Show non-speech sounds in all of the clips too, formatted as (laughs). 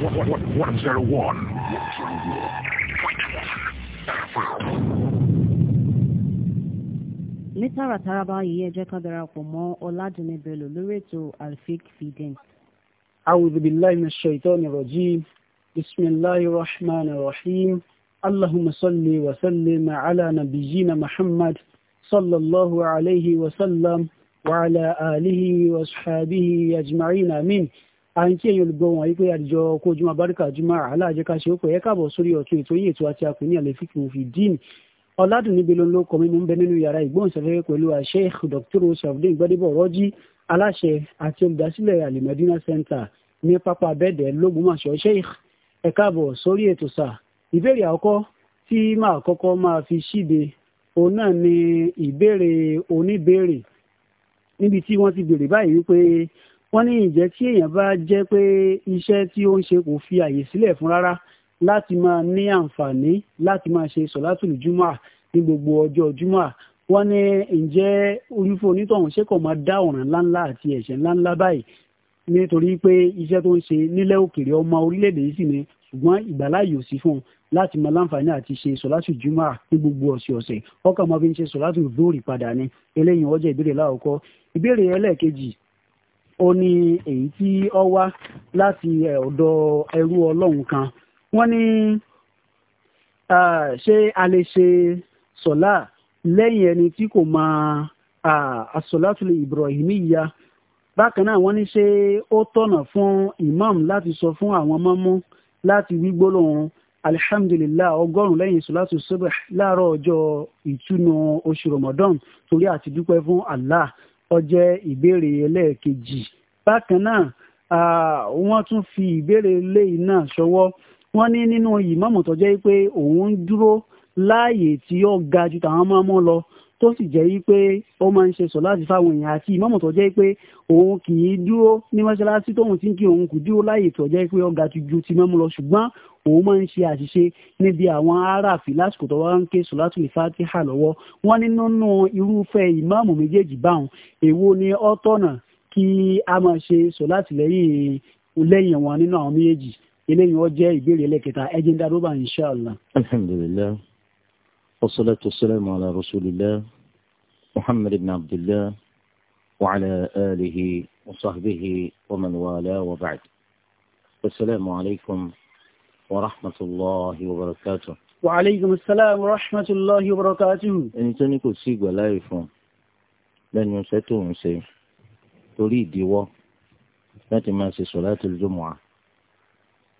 101.1. 101.1. ní tààràtàràbá yìí ẹ jẹ́ ká alfik fidin. أعوذ بالله من الشيطان الرجيم بسم الله الرحمن الرحيم اللهم صل وسلم على نبينا محمد صلى الله عليه وسلم وعلى آله وأصحابه أجمعين آمين à ń kí ẹ̀yin olùgbọ́ wọn yí pé àdìjọ kó jùmọ̀ abáríkà jùmọ̀ àhálà àjẹká ṣe ó pẹ́ ẹ káàbọ̀ sórí ọ̀tún ètò yìí ètò àti àpò ní àlẹ́ òfin dín ọ̀làdùnní bí lóńlọ́ kọ́ mímú ń bẹ nínú yàrá ìgbóhùnsáfẹ́fẹ́ pẹ̀lú Sheikh Dr. Sharafdeen Gbadebo Rọ́jí aláṣẹ àti olùdásílẹ̀ Al-Madina Center ní pápá abẹ́ẹ̀dẹ̀ lógúnmọ̀ṣọ́ Sheikh ẹ káàbọ̀ sórí ètò sà ìbéèrè àkọ́kọ́ tí màá kọ́kọ́ máa fi ṣíde òun náà ni ìbéèrè oníbéèrè níbi tí wọ́n ti béèrè báyìí wípé wọ́n ní ìjẹ́ tí èèyàn bá jẹ́ pé iṣẹ́ tí ó ń ṣe kò fi àyè sílẹ̀ fún rárá láti máa ní àǹfààní láti máa ṣe sọ̀látùlù júmọ̀ ní gbogbo ọjọ́ júmọ̀ wọ́n ní ǹjẹ́ onífò onítọ̀hún ṣé kò máa dá ọ̀ràn ńláńlá àti ẹ̀ṣẹ̀ ńláńlá báyìí nítorí pé iṣẹ́ tó ń ṣe nílẹ̀ òkèèrè ọmọ orílẹ̀ yìí sì ni ṣùgbọ́n ìgbàláyè ò sí fún un láti mọ láǹfààní àti ṣe sọ̀látù jùmọ̀ ní gbogbo ọ̀sẹ̀ ọ̀sẹ̀ ọkàn mọ́ fi ń ṣe sọ̀látù lórí padà ni eléyìí wọ́n ìbéèrè láwùkọ́ ìbéèrè ẹlẹ́ẹ̀kejì ó ní èyí tí ó wá láti eh, ọ̀dọ̀ ẹrú ọlọ́run kan wọ́n ní ṣé a lè ṣe sọ̀lá lẹ́yìn ẹni tí kò mọ àsọ̀látùlẹ̀ Ibrahimiyya bákan náà wọ́n ní ṣé ó tọ̀nà fún imam láti sọ fún àwọn mọ́mú láti wí gbólóhùn alihamdulilayi ọgọ́rùn lẹ́yìn sọlátù subh láàárọ̀ ọjọ́ ìtúnu oṣù Ramadan torí àti dúpẹ́ fún Allah ó jẹ́ ìbéèrè ẹlẹ́ẹ̀kejì bákan náà wọ́n tún fi ìbéèrè eléyìí náà ṣọwọ́ wọ́n ní nínú ìmáàmù tó jẹ́ pé òun dúró láàyè tí ó ga ju tàwọn máa mú lọ tó sì jẹ́ wípé ó máa ń ṣe sọ láti fáwọn èèyàn àti ìmáàmù tó jẹ́ pé òun kì í dúró ní mọ́ṣáláṣí tóun ti ń kí òun kò dúró láyè tó jẹ́ pé ọ̀gá ti ju ti mọ́mú lọ ṣùgbọ́n òun máa ń ṣe àṣìṣe níbi àwọn aráàfin lásìkò tó wá ń ké sọ̀látù ìfátíhà lọ́wọ́ wọ́n ní nínú irúfẹ́ ìmáàmù méjèèjì báwọn èwo ni ó tọ̀nà kí a máa ṣe sọ̀látù lẹ́yìn lẹ́yìn wọn nínú àwọn méjèèjì inshallah. والصلاة والسلام على رسول الله محمد بن عبد الله وعلى آله وصحبه ومن والاه وبعد السلام عليكم ورحمة الله وبركاته وعليكم السلام ورحمة الله وبركاته إن tó ní kò لن ينسيتو fún تريد ديوا tó ماسي صلاة الجمعة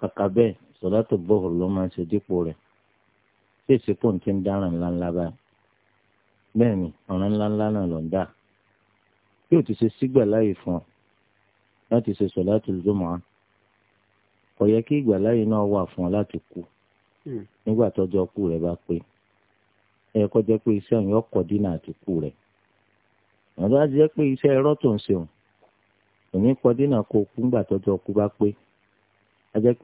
ìdíwọ́ صلاة الظهر لما سيديك بوري tí èsì pò ti ń dáràn ńláńlá báyìí bẹ́ẹ̀ ni ọ̀ràn ńláńlá náà ló ń dà o ti ṣe sígbà láàyè fún ọ láti ṣe sọ̀láàtù Jumu'ah ọ yẹ kí ìgbà láàyè náà wà fún ọ láti kú hmm. nígbà tọ́jọ́ kú rẹ bá pé ẹ kọ́ pé iṣẹ́ òun yóò kú rẹ àwọn bá pé iṣẹ́ ẹ̀rọ tó ń ṣeun òní bá pé a jẹ́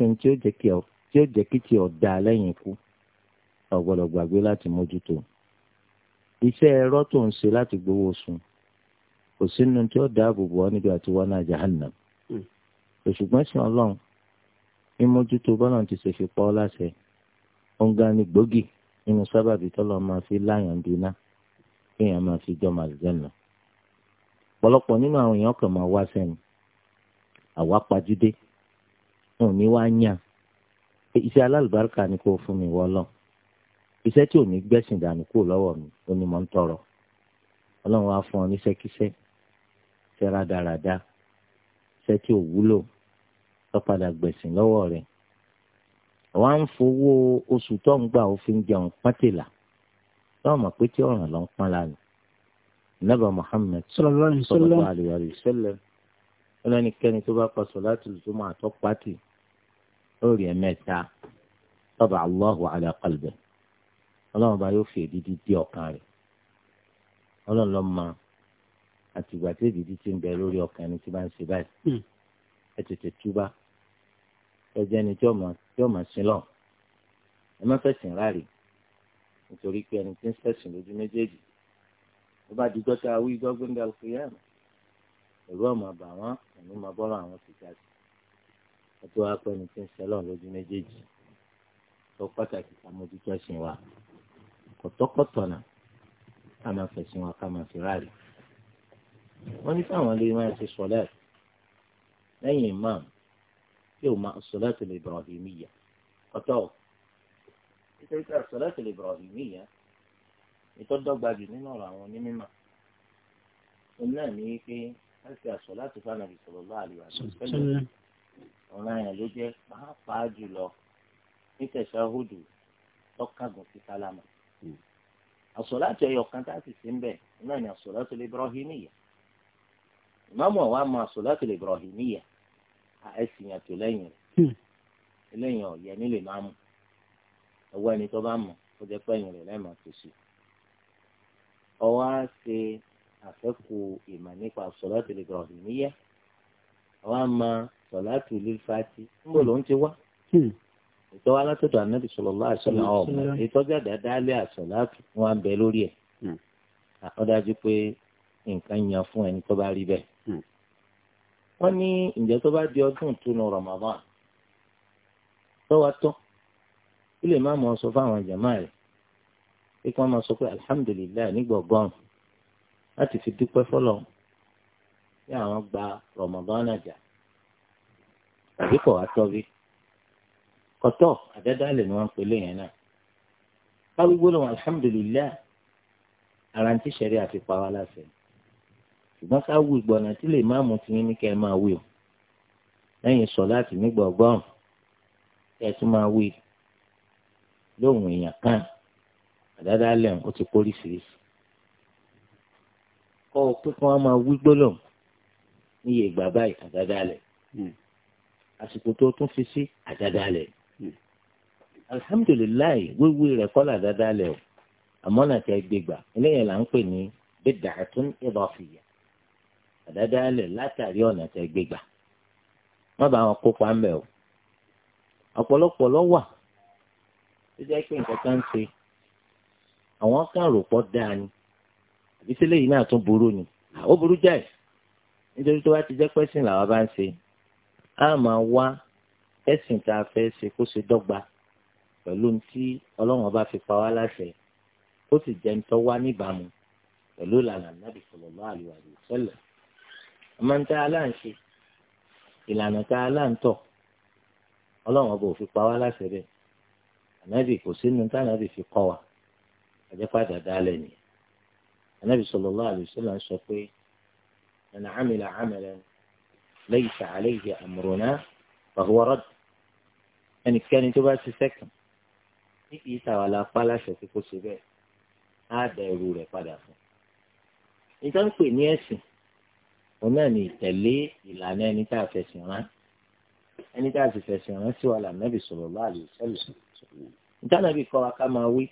tí ó kí ọ̀gbọ́dọ̀ gbàgbé láti mójútó iṣẹ́ ẹ̀rọ tó ń ṣe láti gbowó sùn kò sínú tí ó dáàbò bò ọ́ níbi àti wọnà jahannam hmm. òṣùgbọ́n sí ọlọ́run ní mójútó bọ́lá ti ṣe fi pa ọ́ láṣẹ ọ̀ǹgá ni gbòógì nínú sábàbí tọ́lọ́ máa fi láyàn dínà kéèyàn máa fi jọ́ màlúùjẹ́nà pọ̀lọpọ̀ nínú àwọn èèyàn kan máa wá sẹ́nu àwa pajúdé wọn ò ní wá yàn iṣẹ́ alálùbáríkà ni kò fún mi wọ́ ọlọ́run iṣẹ́ tí ò ní gbẹ̀sìn dànù kúrò lọ́wọ́ mi ó ní mò ń tọrọ ọlọ́run wá fún ọ níṣẹ́kíṣẹ́ ṣe rádaràda iṣẹ́ tí ò wúlò lọ́padà gbẹ̀sìn lọ́wọ́ rẹ̀ wọ́n á ń fowó oṣù tó ń gbà òfin jẹun pátìlà lọ́wọ́ mọ̀ pé tí ọ̀ràn ló ń pọ́n lánàá nabà Muhammad sallallahu alayhi wa ọlọ́nikẹ́ni tó bá pa sọ̀láàtì lùtùmọ̀ àtọ́ pátì lórí ẹ̀mẹ́ta tọ́ba Allahu ala ọlọ́run bá yóò fi èdìdí dé ọkàn rẹ̀ ọlọ́run ló mọ̀ àtìgbà tí èdìdí ti ń bẹ lórí ọkàn ẹni tí bá ń ṣe báyìí hmm. ẹ tètè túbá ẹ jẹ́ ẹni tí ọmọ sílọ̀ ẹ má fẹ̀sìn ráàlì nítorí pé ẹni tí ń fẹ̀sìn lójú méjèèjì tó bá di gbọ́ta awí gbọ́gbọ́n dà lóko yá mi èrò ẹ̀mí máa bọ́rọ̀ àwọn ti sí ẹ tó wá pé ẹni tí ń sẹ́lọ̀ lójú méjèèjì tó pàtàkì ká ẹ̀sìn wa kọ̀tọ́kọ̀tọ̀nà ká máa fẹ̀sùn wa ká máa fi ráàlì. wọ́n ní káwọn lè máa ṣe sọ̀lẹ́ lẹ́yìn imam yóò máa sọ̀lẹ́ tó lè bọ̀rọ̀ bíi míyà ọ̀tọ̀ nítorí pé sọ̀lẹ́ tó lè bọ̀rọ̀ bíi míyà ìtọ́dọ́gba jù nínú ọ̀rọ̀ àwọn onímọ̀ òun náà ní pé a ṣe àsọ̀lá tó fún anabi sallallahu alaihi wasallam ọ̀rọ̀ àyàn ló jẹ́ pàápàá àsọ̀láàtì ẹ̀yọ̀kan tá a sì sí ń bẹ̀ náà ni àsọ̀láàtì Ibrahimiyya ìmáàmù àwa máa àsọ̀láàtì Ibrahimiyya ẹ̀sìn yàtọ̀ lẹ́yìn rẹ̀ hmm. lẹ́yìn ọ̀yẹ́ nílé máa mú ẹ̀wọ́ ẹni tó bá mọ̀ ó jẹ́ pẹ́yìn rẹ̀ lẹ́ẹ̀mọ́ tó sí. á ṣe àfẹ́kù ìmọ̀ nípa àsọ̀láàtì Ibrahimiyya àwa máa sọ̀láàtì lil Fati níbo ló ń ti wá hmm ìtọ́ wa látọ̀dọ̀ anábì sọ̀rọ̀ lọ́wọ́ àṣọlá ọ̀mọ ìtọ́jú àdáda alẹ́ àṣọlá wọn bẹ lórí ẹ̀ hmm. ó dájú pé nǹkan yan fún ẹni tó bá rí bẹ́ẹ̀. Hmm. wọ́n ní ǹjẹ́ tó bá di ọdún ìtúnu Ramadan tó wá tó kí lè má mọ sọ fáwọn jàmá rẹ̀ pé kí wọ́n máa sọ pé alihamudulilayi nígbọ̀gbọ́n láti fi dúpẹ́ fọlọ́ bí àwọn gba Ramadan náà jà tàbí kọ̀ wá tọ́ bí kọtọ àdádálẹ̀ ni wọ́n ń pèlè yẹn náà káwí gbólóhùn alihamudulilayi ara ń tí sẹ́rí àfipá wa láṣẹ ṣùgbọ́n káwí ìgbọ̀nà tí lè má mú ti ní kẹ́ ẹ máa wí o lẹ́yìn sọ láti nígbà ọgọ́rùn ẹ tún máa wí lóhùn èèyàn kan àdádálẹ̀ ó ti kórì sírísì kọ́ ọ pé kí wọ́n máa wí gbólóhùn níye ìgbà báyìí àdádálẹ̀ hmm. àsìkò tó tún fi sí àdádálẹ̀ alihamudulilayi wíwí rẹ̀ kọ́là dáadáa lẹ̀ o àmọ́ náà tẹ́ gbé gbà eléyìí là ń pè ní bid'atun idafiyya àdáadáa lẹ̀ látàrí ọ̀nà tẹ́ gbé gbà má bàa wọn kópa ń bẹ̀ o ọ̀pọ̀lọpọ̀ lọ wà tó jẹ́ pé nǹkan kan ń ṣe àwọn kan pọ̀ dáa ni àbí sílẹ̀ yìí náà tún burú ni ó burú jáì nítorí tó bá ti jẹ́ pẹ́sìn làwọn bá ń ṣe á máa wá ẹ̀sìn tá a fẹ́ ṣe kó ṣe dọ́gba pẹ̀lú tí ọlọ́run ọba fi pa wá láṣẹ ó sì jẹ́ nítorí wá níbàámu pẹ̀lú ìlànà nàbì sallallahu alaihi wa sallam ọmọ ń tá aláǹṣe ìlànà tá aláǹtọ̀ ọlọ́run ọba ò fi pa wá láṣẹ bẹ́ẹ̀ ànábì kò sínú tá ànábì fi kọ́ wa àjẹpàdà dálẹ̀ nìyẹn ànábì sallallahu alaihi wa sallam sọ pé man amila amalan laysa alayhi amruna fahuwa radd ẹnikẹ́ni tó bá ṣiṣẹ́ kan ní kì í tàwa la pa láṣẹ tí kò ṣe bẹ́ẹ̀ á da ẹrù rẹ̀ padà fún un níta ń pè ní ẹ̀sìn òun náà ní ìtẹ̀lé ìlànà ẹni tá a fẹ̀sìn rán ẹni tá a sì fẹ̀sìn rán sí wa lànàbì sallallahu alaihi wasallam níta náà bí kọ́ wa ká máa wí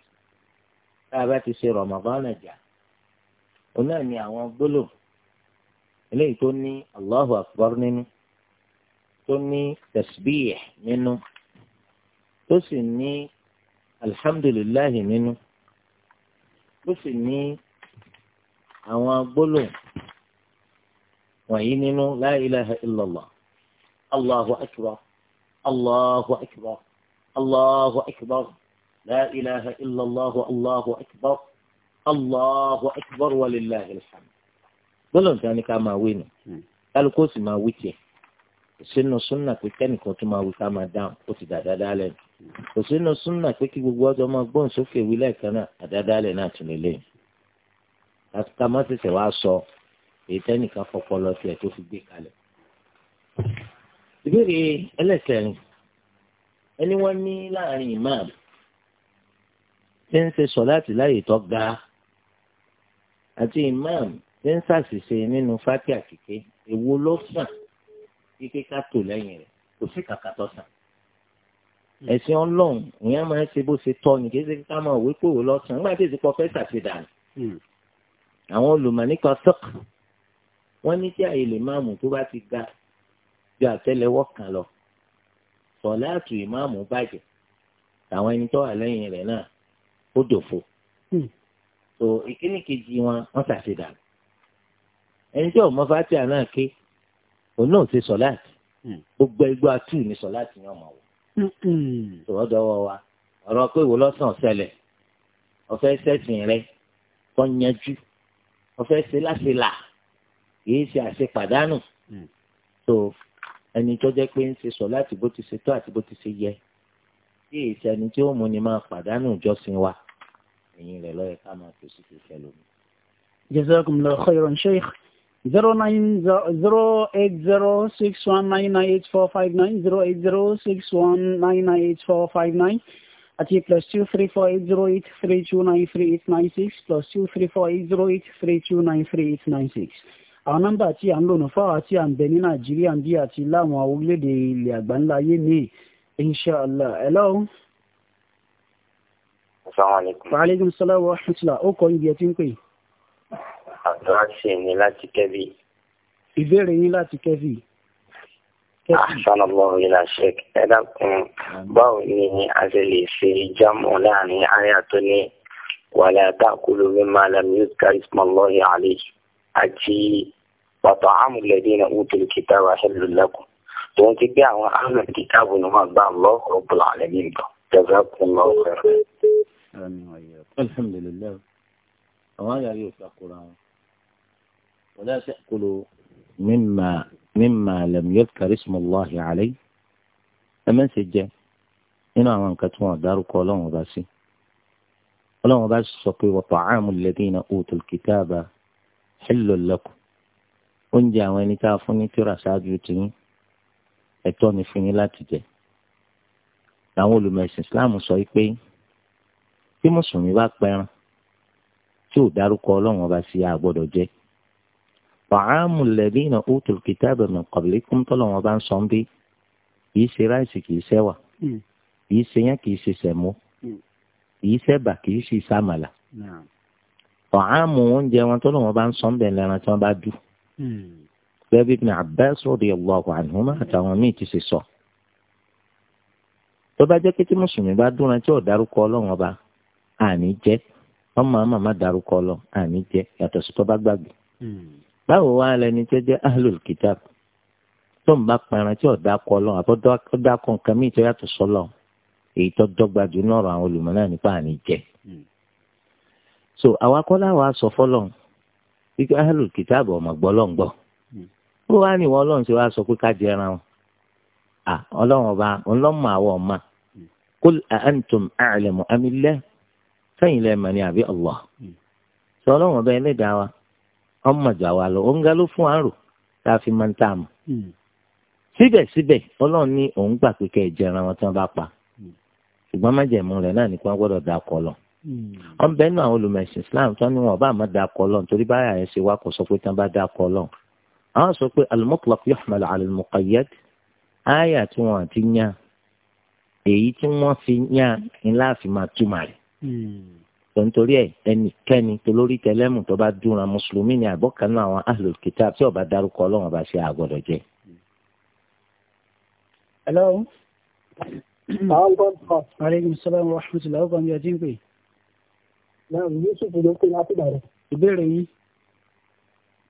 tá a bá ti ṣe Ramadan jà òun náà ní àwọn gbólò eléyìí tó ní Allahu akbar nínú tó ní tasbih nínú tó sì ní alihamudulilayi nínú ó sì ní àwọn gbólóhùn wọ̀nyí nínú la ilaha illallah allahu akbar allahu akbar allahu akbar la ilaha illallah allahu akbar allahu akbar walilahi alhamd gbólóhùn tí a ní ká máa wí nù hmm. kálukó sì máa wí tiẹ̀ sínú súnà pé kẹ́nìkan tó máa wí ká máa dáhùn ó ti dàda dálẹ̀ nù kò sínú súnà pé kí gbogbo ọjọ́ máa gbóhùn sókè wí lẹ́ẹ̀kan náà àdádálẹ̀ náà tún lè léyìn ká má tẹ̀sẹ̀ wá sọ èyí tẹ́nìkan fọpọlọ tiẹ̀ tó fi gbé kalẹ̀. ìbéèrè ẹlẹ́kẹ̀rin ẹni wọ́n ní láàrin imam tí ń ṣe sọ̀láàtì láyè tó ga àti imam tí ń ṣàṣìṣe nínú fátíà kéke èwo ló sàn kíkẹ́ ká tò lẹ́yìn rẹ̀ kò sí kàkà tó sàn. Hmm. ẹ̀sìn ọlọ́run ìyẹn máa ń ṣe bó ṣe tọ́ ní kéde ká máa wé pòwó lọ́sàn-án nígbà tí èsì pọfẹ́sà ti dànù. Hmm. àwọn olùmọ̀ nípa sọ́k wọ́n ní kí àyè lè máàmù tó bá ti ga ju àtẹ́lẹwọ́ kan lọ sọ̀láàtù ìmáàmù bàjẹ́ àwọn ẹni tó wà lẹ́yìn rẹ̀ náà ó dòfo. Hmm. so ìkíní kejì wọn wọ́n ṣàṣedànù ẹni tí ọmọ fatia náà ké òun náà ti sọ̀láàtì gbogbo ẹgbẹ́ atú ní sọ̀láàtì ni ọmọ wọ tòwọ́dọ̀ wọ wa ọ̀rọ̀ pé ìwò lọ́sàn ṣẹlẹ̀ ọ̀fẹ́ sẹ́sìn rẹ kọ́ yanjú ọ̀fẹ́ ṣe láṣẹ là kìí ṣe àṣepàdánù tó hmm. ẹni tó jẹ́ pé ń ṣe sọ láti bó ti ṣe tó àti bó ti ṣe yẹ tí èsì ẹni tí ó mú ni máa pàdánù ìjọsìn wa ẹ̀yìn rẹ̀ lọ́yẹ̀ká máa fèsì fèsì ẹlòmíì. jazakumullahu khairan sheikh zero nine zero eight zero six one nine nine eight four five nine zero eight zero six one nine nine eight four five nine àti plus two three four eight zero eight three two nine three eight nine six plus two three four eight zero eight three two nine three eight nine six. àwọn nọ́mbà tí à ń lò nù fáwọn àti à ń bẹ ní nàìjíríà ń bí àti láwọn orílẹ̀-èdè ilẹ̀ àgbáńlá ayé ní inshàlá hello. salaamaleykum. wa aleykum salaam wa rahmatulah ó kọ́ ibi ẹ e ti ń pè é abdulrasheed ni láti kẹ́bí. ìbéèrè yín láti kẹ́bí. Àṣánàlọ́wọ́ ilá ṣẹ́k ẹ̀dàkùn báwo ni a ṣe lè ṣe jámù láàrin àyà tó ní wala ta'kulu mimma lam yuzkar ismullahi alayhi àti wa ta'amu alladhina utul kitaba halal lakum tó ń ti gbé àwọn àmì kìtàbù ni wọ́n gbà Allahu rabbul alamin gbọ́ jazakumullahu khairan. alhamdulilayi àwọn àyà yóò ṣàkóra wọn. ولا تأكلوا مما مما لم يذكر اسم الله عليه أما سجى إن أمان كتوان دارك ولون باسي ولون باسي سقي وطعام الذين أوتوا الكتاب حل لكم oúnjẹ àwọn ẹni tá a fún ní tíra ṣáájú tìyín ẹ̀tọ́ ni fún yín láti jẹ làwọn olùmẹ̀sìn islam sọ pé tí mùsùlùmí bá pẹran tí ò dárúkọ ọlọ́run ọba sí a gbọ́dọ̀ jẹ fàámù lẹ́dínà utul kitaba min qablikum tọ́lọ̀ wọn bá ń sọ ń bí kìí ṣe ráìsì kìí ṣẹ́wà kìí ṣe yẹn kìí ṣe sẹ̀mó kìí ṣẹ́bà kìí ṣe sàmàlà fàámù oúnjẹ wọn tọ́lọ̀ wọn bá ń sọ ń bẹ̀ lẹ́ran tí wọ́n bá dù gẹ́gẹ́ bí Ibn Abbas radiyallahu anhuma àtàwọn míì ti ṣe sọ tó bá jẹ́ pé tí mùsùlùmí bá dúnra tí ò dárúkọ ọlọ́run ọba àní jẹ́ ọmọ àmàmà dárúkọ ọlọ́run àní jẹ́ yàtọ̀ sí tó bá gbàgbé báwo wá lẹni tó jẹ ahlul kitab tó ń bá parán tí ọ̀dà kọ lọ àbọ̀dá kọ nǹkan èyí tó dọ́gba jù nọ̀rọ̀ àwọn náà nípa àní jẹ. Hmm. so àwa kọ́ láwa sọ fọlọ ahlul kitab ọmọ hmm. ó wá ní ìwọ ọlọrun tí wa sọ pé ká jẹran o à ọlọ́run ọba kul hmm. ni àbí sọ ọba ọmọjà wa lọ òun ga ló fún àrò tá a fi máa ń tà mọ. Hmm. síbẹ̀síbẹ̀ ọlọ́run ní òun gbà pé kẹ́ ẹ jẹran wọn tí wọ́n bá pa hmm. ṣùgbọ́n májẹ̀mú rẹ̀ náà nípa gbọ́dọ̀ da ọkọ lọ. ọ̀n bẹ́ẹ̀ náà àwọn olùmọ̀ẹ̀sìn Islam tó ní wọn ọba àmọ́ da ọkọ lọ nítorí báyà ẹ̀ ṣe wá kó sọ pé tán bá da ọkọ lọ. àwọn sọ pé al tó ń torí ẹ ẹnikẹ́ni tó lórí tẹlẹ́mù tó bá dúnra mùsùlùmí ni àbọ̀kanú àwọn ahlul kitab tí ó bá dárúkọ ọlọ́run bá ṣe àgọ́dọ̀ jẹ. hello. àwọn gbọ́dọ̀. aleykum salaam wa rahmatulah ọkọ mi ọdún pé. náà yusuf ló kó láti bàrẹ̀. ìbéèrè yìí.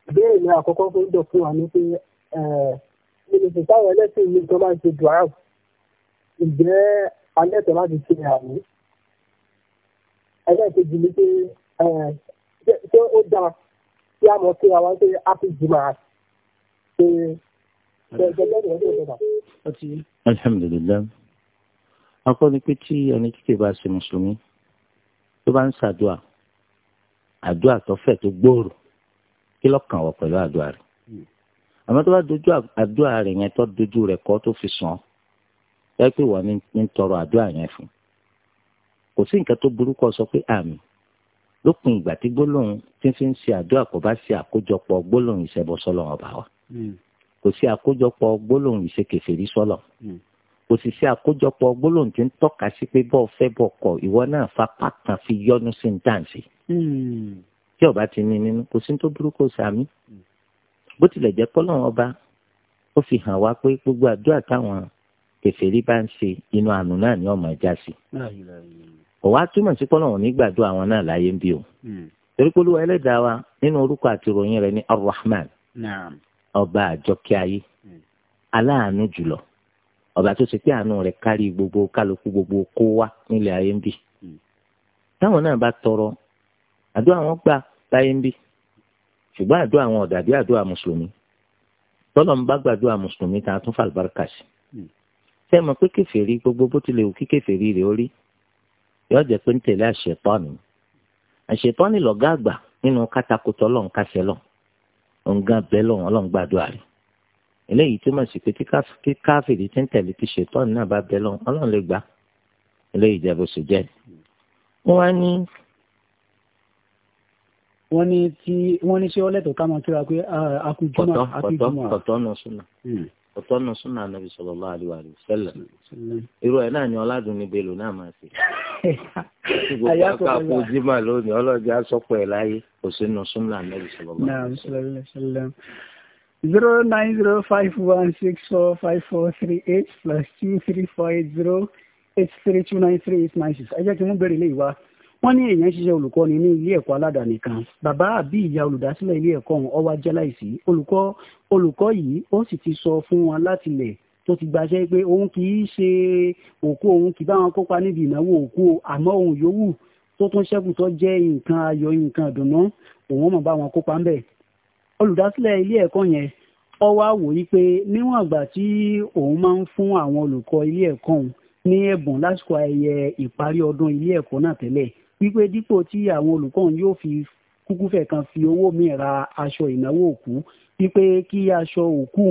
ìbéèrè mi àkọ́kọ́ fún ìjọ fún wa ni pé ìrètí táwọn ẹlẹ́sìn mi tó máa ń ṣe dùárù ǹjẹ́ alẹ́ tó láti ṣe àmì ẹlẹ́ẹ̀kejì ni pé ṣé ó dáa kí a mọ̀ sí àwọn pé a fi jùmọ̀ ṣe gẹ́gẹ́ bí ọdún ìjọba. alhamdulilayi akọ ni pé tí ẹni kíkẹ́ bá ṣe mùsùlùmí tó bá ń ṣàdúà àdúà tó fẹ̀ tó gbòòrò kí lọ́kàn wọ̀ pẹ̀lú àdúà rẹ̀ àmọ́ tó bá dojú àdúà rẹ̀ yẹn tó dojú rẹ̀ kọ́ tó fi sàn ẹ́ pé wọ́n ní tọrọ àdúà yẹn fún kò sí nǹkan tó burú kó sọ pé àmín lópin ìgbà tí gbólóhùn tí fi ń ṣe àdúrà kó bá ṣe àkójọpọ̀ gbólóhùn ìṣẹbọ sọ́lọ̀ ọba wa hmm. kò sí àkójọpọ̀ gbólóhùn ìṣekèfèrí sọ́lọ̀ hmm. kò sì sí àkójọpọ̀ gbólóhùn tí ń tọ́ka sí pé bọ́ọ̀ fẹ́ bọ̀ kọ ìwọ náà fapá kan fi yọnu sí ń dáǹsì hmm. tí ọba ti ní nínú kò sí tó burú kó sàmí bó tilẹ̀ jẹ́ pọ́lọ́run ọba ó fi hàn wá pé gbogbo àdúrà táwọn kèfèrí bá ń ṣe inú àánú náà ni ọmọ ẹja sí. ọ̀wá túmọ̀ sí pọ́nà òní gbàdúrà àwọn náà láyé ń bí o. Hmm. torí pé olúwa ẹlẹ́dàá wa nínú orúkọ àti ìròyìn rẹ̀ ní arrahman ọba àjọkẹ́ ayé hmm. aláàánú jùlọ ọba tó ṣe pé àánú rẹ̀ kárí gbogbo kálukú gbogbo kó wá nílẹ̀ ayé ń bí. Hmm. táwọn náà bá tọrọ àdúrà wọn gbà láyé ń bí ṣùgbọ́n àdúrà wọn ọ̀dàbí àdúrà mùsùlùmí tọ́lọ̀ ń bá gbàdúrà mùsùlùmí tá sí tẹ́ mọ̀ pé kèfèrí gbogbo bó tilẹ̀ wù kí kèfèrí rẹ̀ ó rí yóò jẹ́ pé ń tẹ̀lé àṣetọ́ni àṣetọ́ni lọ́gá àgbà nínú kátàkùtọ̀ lọ́n kásẹ̀ lọ́n òǹgá bẹ́ẹ̀ lọ́n ọlọ́n gbàdúrà rẹ̀ eléyìí túmọ̀ sí pé kí káfíìrì tí ń tẹ̀lé ti ṣetọ́ni náà bá bẹ́ẹ̀ lọ́n ọlọ́n lè gbà eléyìí jẹ́ bó ṣe jẹ́ wọ́n á ní wọ́n ní tí wọ́n ní ṣé ọlẹ́tọ̀ ká máa kíra pé ọtọnu súnà nàbì sallallahu alaihi wa sallam irú ẹ náà ni ọládùn níbi èlò náà máa ṣe (laughs) tí gbogbo akáko jimá lónìí ọlọ́jà sọpọ ẹ láyé kò sínú súnà nàbì sallallahu alaihi wa sallam. zero nine zero five one six four five four three eight plus two three four eight zero eight three two nine three eight nine six ẹ jẹ́ kí n mú bẹ̀rẹ̀ lè wá wọ́n ní èèyàn ṣiṣẹ́ olùkọ́ni ní ilé ẹ̀kọ́ aládàáni kan bàbá àbí ìyá olùdásílẹ̀ ilé ẹ̀kọ́ ọ̀hún ọwá jẹ́ láìsí olùkọ́ olùkọ́ yìí ó sì ti sọ fún wọn láti lẹ̀ tó ti gbaṣẹ́ pé òun kì í ṣe òkú òun kì í bá wọn kópa níbi ìnáwó òkú àmọ́ òun yòówù tó tún ṣẹ́kù tó jẹ́ nǹkan ayọ̀ nǹkan ìdùnnú òun mọ̀ bá wọn kópa ńbẹ̀ olùdásílẹ̀ ilé ẹ̀kọ́ yẹn ó wá wò yí pé níwọ̀n àgbà tí òun máa ń fún àwọn olùkọ́ ilé ẹ̀kọ́ ní ẹ̀bùn lásìkò ayẹyẹ ìparí ọdún ilé ẹ̀kọ́ náà tẹ́lẹ̀ wípé dípò tí àwọn olùkọ́ yóò fi kúkú fẹ́ kan fi owó mi ra aṣọ ìnáwó òkú wípé kí aṣọ òkú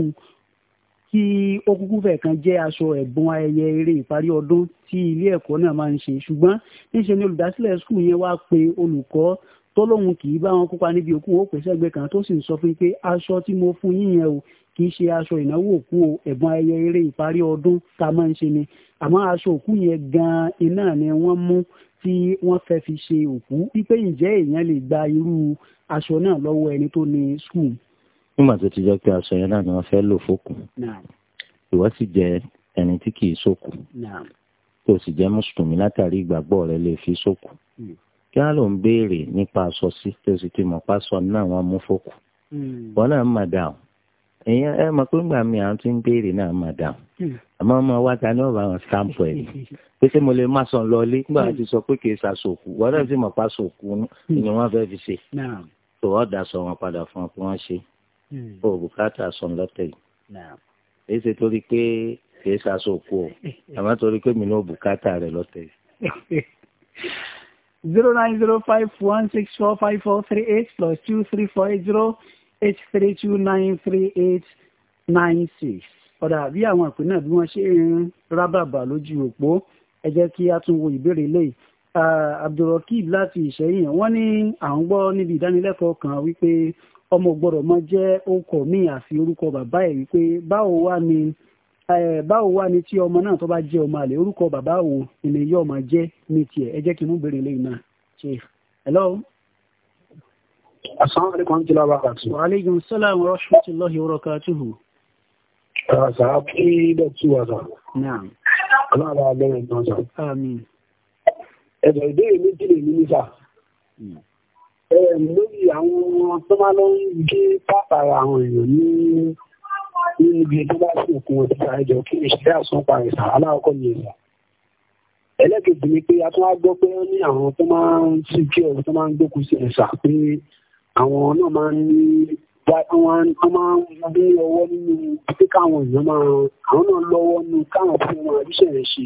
kí ó kúkú fẹ́ kan jẹ́ aṣọ ẹ̀bùn ayẹyẹ eré ìparí ọdún tí ilé ẹ̀kọ́ náà máa ń ṣe ṣùgbọ́n níṣẹ́ ni olùdásílẹ̀ skul yẹn wá pe olùkọ́ tó lóun kì í bá wọn kópa níbi òkú ó pèsè ẹgbẹ́ kan tó sì ń sọ fún pé aṣọ tí mo fún yín yẹn o kì í ṣe aṣọ ìnáwó òkú o ẹ̀bùn ayẹyẹ eré ìparí ọdún tá a máa ń ṣe ni àmọ́ aṣọ òkú yẹn gan iná ni wọ́n mú tí wọ́n fẹ́ fi ṣe òkú wípé ǹjẹ́ èèyàn lè gba irú aṣọ náà lọ́wọ́ ẹni tó ní skul. nígbà tó ti jẹ́ pé aṣọ yẹn náà ni wọ́n fẹ́ lò fókun ìwọ sì jẹ́ ẹni tí kì í sókù tó sì jẹ́ mùsùlùmí látàrí ìgbàgbọ́ rẹ lè fi sókù hmm. kí wọ́n lò ń béèrè nípa aṣọ sí tó sì ti mọ̀ pásọ náà wọ́n mú fókun hmm. wọn náà mà dáhùn èèyàn ẹ mọ̀ pé ńgbà mi àwọn tí ń béèrè náà máa dà hmm. àmọ́ ọmọ wa ta ni wọ́n bá wọn stamp ẹ̀ pé ṣé mo lè má sọ lọ lé nígbà hmm. tí sọ pé kì í ṣàṣòkù wọ́n náà sì mọ̀ pa ṣòkù hmm. ni wọ́n fẹ́ fi ṣe tó wọ́n dà sọ wọn padà fún ọ kí wọ́n ṣe ó bùkátà sọ lọ́tẹ̀ yìí èyí ṣe torí pé kì í ṣàṣòkù o (laughs) àmọ́ torí pé mi ní bùkátà rẹ̀ lọ́tẹ̀ yìí (laughs) zero nine zero five one six four five four three eight plus two three four eight zero eight three two nine three eight nine six ọ̀dà àbí àwọn ìpín náà bí wọ́n ṣe ń rábàbà lójú òpó ẹ jẹ́ kí a tún wo ìbéèrè lè abdulrokib láti ìṣẹ́yìn wọ́n ní à ń gbọ́ níbi ìdánilẹ́kọ̀ọ́ kan wípé ọmọ gbọ́dọ̀ mọ jẹ́ orúkọ míì àfi orúkọ bàbá ẹ̀ wípé báwo wá ni báwo wá ni tí ọmọ náà tó bá jẹ́ ọmọ àlè orúkọ bàbá wo ni yóò máa jẹ́ ní tiẹ̀ ẹ jẹ́ kí n mú ìbéèrè lè hello. Assalamu alaikum tí lábá alaikum Lórí àwọn tó máa lọ ń gé pátàrà àwọn èèyàn ní ibi tó bá sí òkun ọ̀tí sà kí ìṣẹ́ àsùn parí sà aláàkọ́ ni ẹ̀sà. Ẹlẹ́kẹ̀ẹ́ ni pé a tún wá gbọ́ pé ní àwọn tó máa ń sí kí ọ̀rọ̀ tó máa ń gbókun sí ẹ̀sà pé àwọn náà máa ń ní wọ́n máa ń gbé ọwọ́ nínú pé káwọn èèyàn máa àwọn náà lọ́wọ́ nínú káwọn fún wọn àbíṣẹ́ rẹ̀ ṣe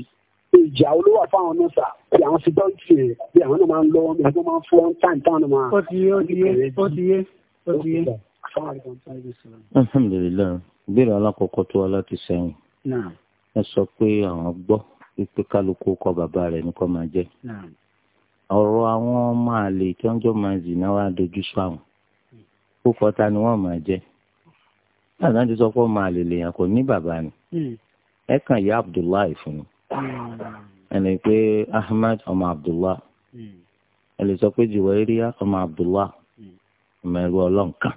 ìjà olówó àfáwọn náà sà bí àwọn ti dán tiẹ̀ bí àwọn náà máa ń lọ́wọ́ bí wọ́n máa ń fún wọn táìm táwọn náà máa. ó ti yé ó ti yé ó ti yé ó ti yé. alhamdulilayi ìbéèrè alákọ̀ọ́kọ́ tó wá láti sẹ́yìn ẹ sọ pé àwọn gbọ́ pé kálukú kọ bàbá rẹ̀ ní kó máa jẹ́. ọ̀rọ̀ àwọn ọmọ àlè tí wọ́n jọ máa zìnà wá dojú sọ àwọn kó ta ni wọ́n máa jẹ́ láti láti sọ pé ọmọ kò ní bàbá ni hmm. ẹ kàn Abdullahi fún mi hmm. ẹni pé Ahmad ọmọ Abdullahi hmm. ẹ lè sọ pé Juwairiya ọmọ Abdullah ọmọ ẹrú ọlọ́nkà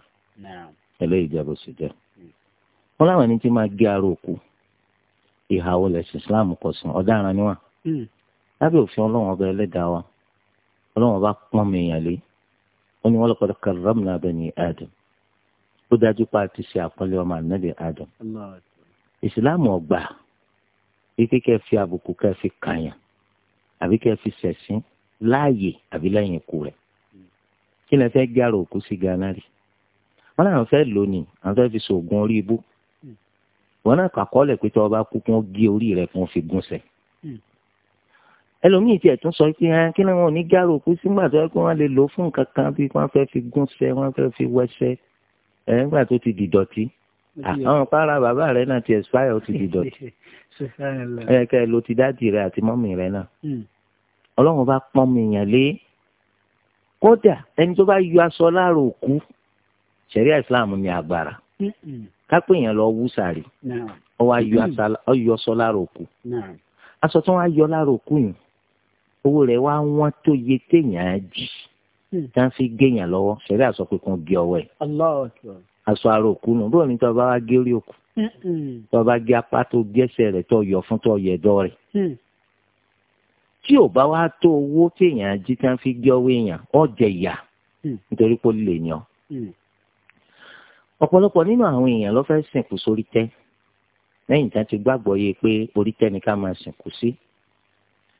eléyìí jẹ́ bó ṣe jẹ́ wọn láwọn ẹni Islam kọ̀sán ọ̀daràn ni lábẹ́ òfin Ọlọ́run ọba ọlọ́run bá pọ́n mi yàn lé ó ní wọ́n lọ́kọ́ karramna bani adam ó dájú pa ti ṣe àpọ́nlé ọmọ ànábì adam ìsìláàmù ọgbà ike kẹ́ fi àbùkù kẹ́ fi kàyàn àbí kẹ́ fi ṣẹ̀sín láàyè àbí lẹ́yìn ikú rẹ̀ kí lẹ fẹ́ gbàrò òkú sí gánà rí wọn náà fẹ́ lónìí àwọn fẹ́ fi ṣoògùn orí ibú wọn náà kàkọ́lẹ̀ pé tí wọn bá kú kí wọn gé orí rẹ̀ fún fi gúnṣẹ́ ẹlòmíì tiẹ̀ tún sọ pé ẹ ah, kí ni wọn ò ní gárò kú sígbà tó yẹ kí wọ́n lè lò fún nǹkan kan bí wọ́n fẹ́ fi gúnṣẹ́ wọ́n fẹ́ fi wẹṣẹ́ ẹ̀ nígbà tó ti dìdọ̀tí ah, àwọn para bàbá rẹ̀ náà ti expire ó ti dìdọ̀tí (laughs) ẹ̀ kẹ́ ẹ lo ti dáàdì rẹ̀ àti mọ́mì rẹ̀ náà hmm. ọlọ́run bá pọ́n mi yàn lé kódà ẹni tó bá yọ aṣọ láàrò òkú ṣẹ̀ríà ìsìláàmù ni agbára kápẹ́ èèyàn lọ wú sàrí ó wá yọ (clears throat) aṣọ láàrò òkú aṣọ tó wá yọ láàrò òkú yìí owó rẹ̀ wá wọ́n tó yẹ téèyàn jì hmm. tá fi géèyàn lọ́wọ́ ṣẹ̀rí àsọ pé kàn gé ọwọ́ ẹ̀. aṣọ ara òkú nù bóò ní tó bá wá gé orí òkú hmm. tó bá gé apá tó gé ẹsẹ̀ rẹ̀ tó yọ fún tó yẹ ẹ̀dọ̀ rẹ̀. Hmm. tí ò bá wá tó owó téèyàn jí tá fi gé ọwọ́ èèyàn ó jẹ ìyà nítorí pé ó lè yàn. ọ̀pọ̀lọpọ̀ nínú àwọn èèyàn ló fẹ́ sìnkú sórí tẹ́ lẹ́yìn tí ti gbàgbọ́ yé pé orí tẹ́ ni ká máa sìnkú sí. Si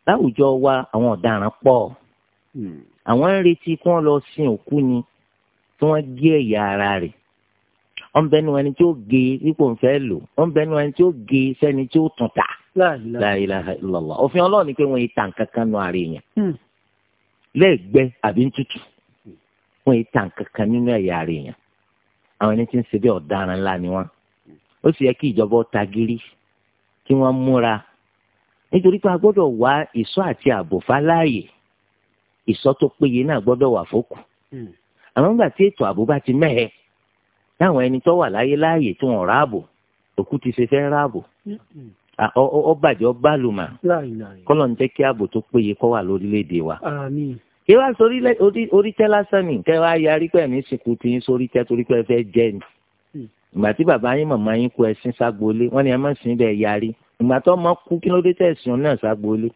láwùjọ wa àwọn ọ̀daràn pọ̀ hmm. àwọn ń retí kí wọ́n lọ sin òkú ni tí wọ́n gé ẹ̀yà ara rẹ̀ bẹ bẹnu ẹni tí ó gé ipò ń fẹ́ lò bẹ bẹnu ẹni tí ó gé sẹ́ni tí ó tún ta la ilaha òfin ọlọ́run ni pé wọ́n yìí tàn kankan nù ara èèyàn hmm. lẹ́ẹ̀gbẹ́ àbí ntutu wọ́n yìí tàn kankan nínú ẹ̀yà ara èèyàn àwọn ẹni tí ń ṣe bí ọ̀daràn ńlá ni wọ́n ó sì yẹ kí ìjọba ó kí wọ́n múra nítorí pé a gbọ́dọ̀ wá ìṣọ́ àti ààbò láàyè ìṣọ́ tó péye náà gbọ́dọ̀ wà fókù hmm. àwọn ìgbà tí ètò àbò bá ti mẹ́hẹ láwọn ẹni tó wà láyé láàyè tí wọ́n ráàbò òkú ti ṣe fẹ́ ráàbò ó hmm. bàjẹ́ ó bàlùmà kọ́lọ̀ ń jẹ́ kí ààbò tó péye kọ́ wà lórílẹ̀‐èdè wa. kí wàá sọ orí tẹ́ lásán ni kẹ́ wàá yarí pẹ̀ ní sìnkú tí yín sórí tẹ́ torí pé ẹ fẹ́ jẹ́ ni hmm. ìgbà tí bàbá yín màmá yín kú ẹ ságbólé wọ́n ní ẹ má sìn bẹ́ẹ̀ yarí ìgbà tó ọmọ kú kí ló dé tẹ̀sán náà ságboolé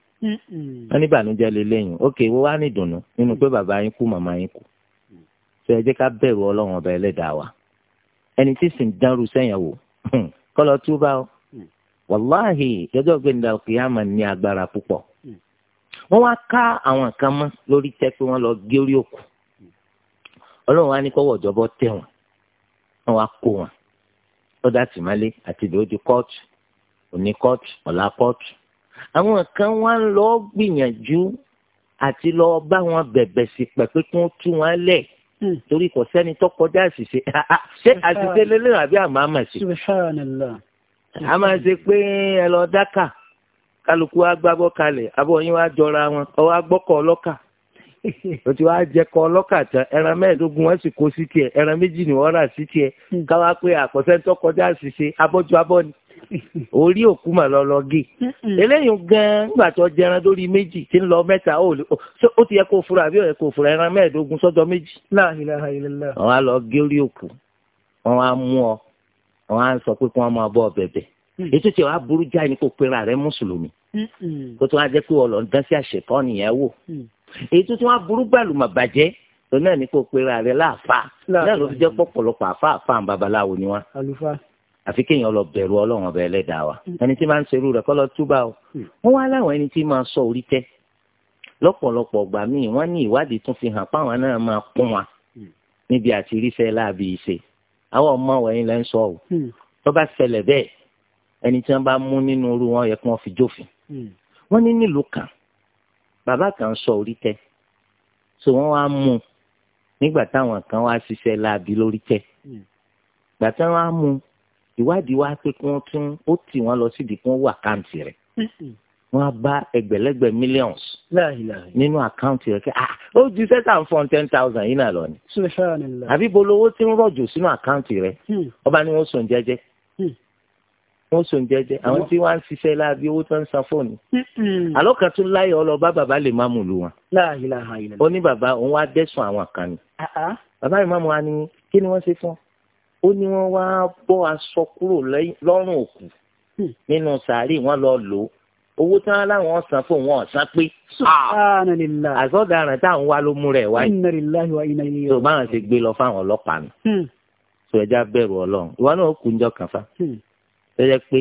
wọn ní ìbànújẹ́ lélẹ́yìn ok wọ́n wá ní ìdùnnú nínú pé bàbá yín kú màmá yín kú ṣe ẹ jẹ́ ká bẹ̀rù ọlọ́run ọba ẹlẹ́dàá wa ẹni tí sì ń dánrù sẹ́yìn wò hmm, kọ́lọ́ tú bá ọ mm. wàláhì yọjọ́ gbẹ̀ndà kìyàmà ní agbára púpọ̀ mm. wọ́n wá ká àwọn kan mọ́ lórí tẹ́ pé wọ́n lọ gé orí òkú ọlọ́run wa ní kọ́wọ́ ìjọba tẹ̀ wọ́n wọ́n wá kó wọn ó dá àti ìdòwò kóòtù òní kóòtù ọ̀la kóòtù àwọn kan wá ń lọ gbìyànjú àti lọ bá wọn bẹ̀bẹ̀ sí pẹ̀pẹ́ kí wọ́n tú wọn lẹ̀ hmm. torí kò sẹ́ni tó kọjá àṣìṣe (laughs) ṣé àṣìṣe lélẹ́yìn àbí àmọ́ àmọ́ sí. a máa ṣe pé ẹ lọ dákà kálukú wa gbàgbọ́ kalẹ̀ abọ́ yín wá jọra wọn ọwọ́ agbọ́kọ̀ ọlọ́kà (laughs) o ti wá jẹ kọ ọlọ́kà tán ẹran mẹ́ẹ̀ẹ́dógún wọn sì kó sí tiẹ̀ ẹran méjì ni wọ́n rà sí tiẹ̀ hmm. káwá pé àkọsẹ́ńtọ́ kọjá àṣìṣe abọ́jú abọ́ ni orí òkú mà lọ lọ gé eléyìí gan nígbà tó jẹran lórí méjì tí ń lọ mẹ́ta ó ti yẹ kó fura àbí ó yẹ kó fura ẹran mẹ́ẹ̀ẹ́dógún sọ́dọ̀ méjì. wọ́n á lọ gé orí òkú wọ́n á mú ọ wọ́n á sọ pé kí wọ́n máa bọ́ ọ bẹ̀bẹ̀ mm. ètò tí wàá burú jáì ní kò pera rẹ̀ mùsùlùmí kó tó wá jẹ́ pé ọlọ́ ń dán sí àṣekọ́ nìyẹn wò mm. ètò tí wàá burú gbàlùmọ̀ bàjẹ́ tó náà ní kò pera rẹ̀ láàfà náà ló fi jẹ́ pọ̀pọ̀lọpọ̀ àfáàfáà babaláwo ni wọ́n àfi kéèyàn lọ bẹ̀rù ọlọ́run ọba ẹlẹ́dàá wa mm. ẹni tí máa ń serú rẹ̀ kọ́ lọ túbà o mm. wọ́n wá láwọn ẹni tí máa sọ orí tẹ́ lọ́pọ̀lọpọ̀ ọgbà míì wọ́n ní ìwádìí tún fi hàn páwọn náà máa pọ́n wa mm. níbi àti ríṣẹ́ láàbì ìṣe àwọn ọmọ wẹ̀yìn lẹ́ ń sọ o tó bá ṣẹlẹ̀ bẹ́ẹ̀ ẹni tí wọ́n bá mú nínú irú wọn yẹ kí wọ́n fi jófin wọ́n ní nílùú kan bàbá kan sọ orí tẹ́ so wọ́n wá mú nígbà táwọn kan wá ṣiṣẹ́ láàbì lórí tẹ́ gbàtà wọn á mú ìwádìí wá pé kí wọ́n tún ó tì wọ́n lọ sídìí kí wọ́n wọ àkáǹtì rẹ̀ hmm. wọ́n á bá ẹgbẹ̀lẹ́gbẹ̀ millions nínú àkáǹtì rẹ̀ kí ah ó ju sẹ́sà ń fọ́n ten thousand yìí náà lọ ni àbí bolówó tí ń rọ̀jò sínú àkáǹtì rẹ̀ hmm. ọba ni wọ́n sùn jẹ́jẹ́ hmm. wọ́n sùn jẹ́jẹ́ àwọn tí wọ́n á ń ṣiṣẹ́ láabi owó tó ń san fóònù àlọ́ kan tún láyọ̀ ọ lọ bá bàbá lè má mú lu wọn ó ní bàbá òun wá dẹ́sùn àwọn kan ni ah, ah. bàbá ìmáàmù wa ni kí ni wọ́n ṣe fún ọ ó ní wọ́n wá bọ́ aṣọ kúrò lọ́rùn òkú hmm. nínú sàárì wọ́n lọ lò ó owó tí wọ́n láwọn san fún wọn ọ̀sán pé àsọdàrán táwọn wá ló mú rẹ̀ wáyé tó bá wọn ṣe gbé lọ fáwọn ọlọ́pàá nù tó ẹja bẹ̀rù ọlọ́run ìwọ náà kù ń jọ kàn fa tó hmm. jẹ́ pé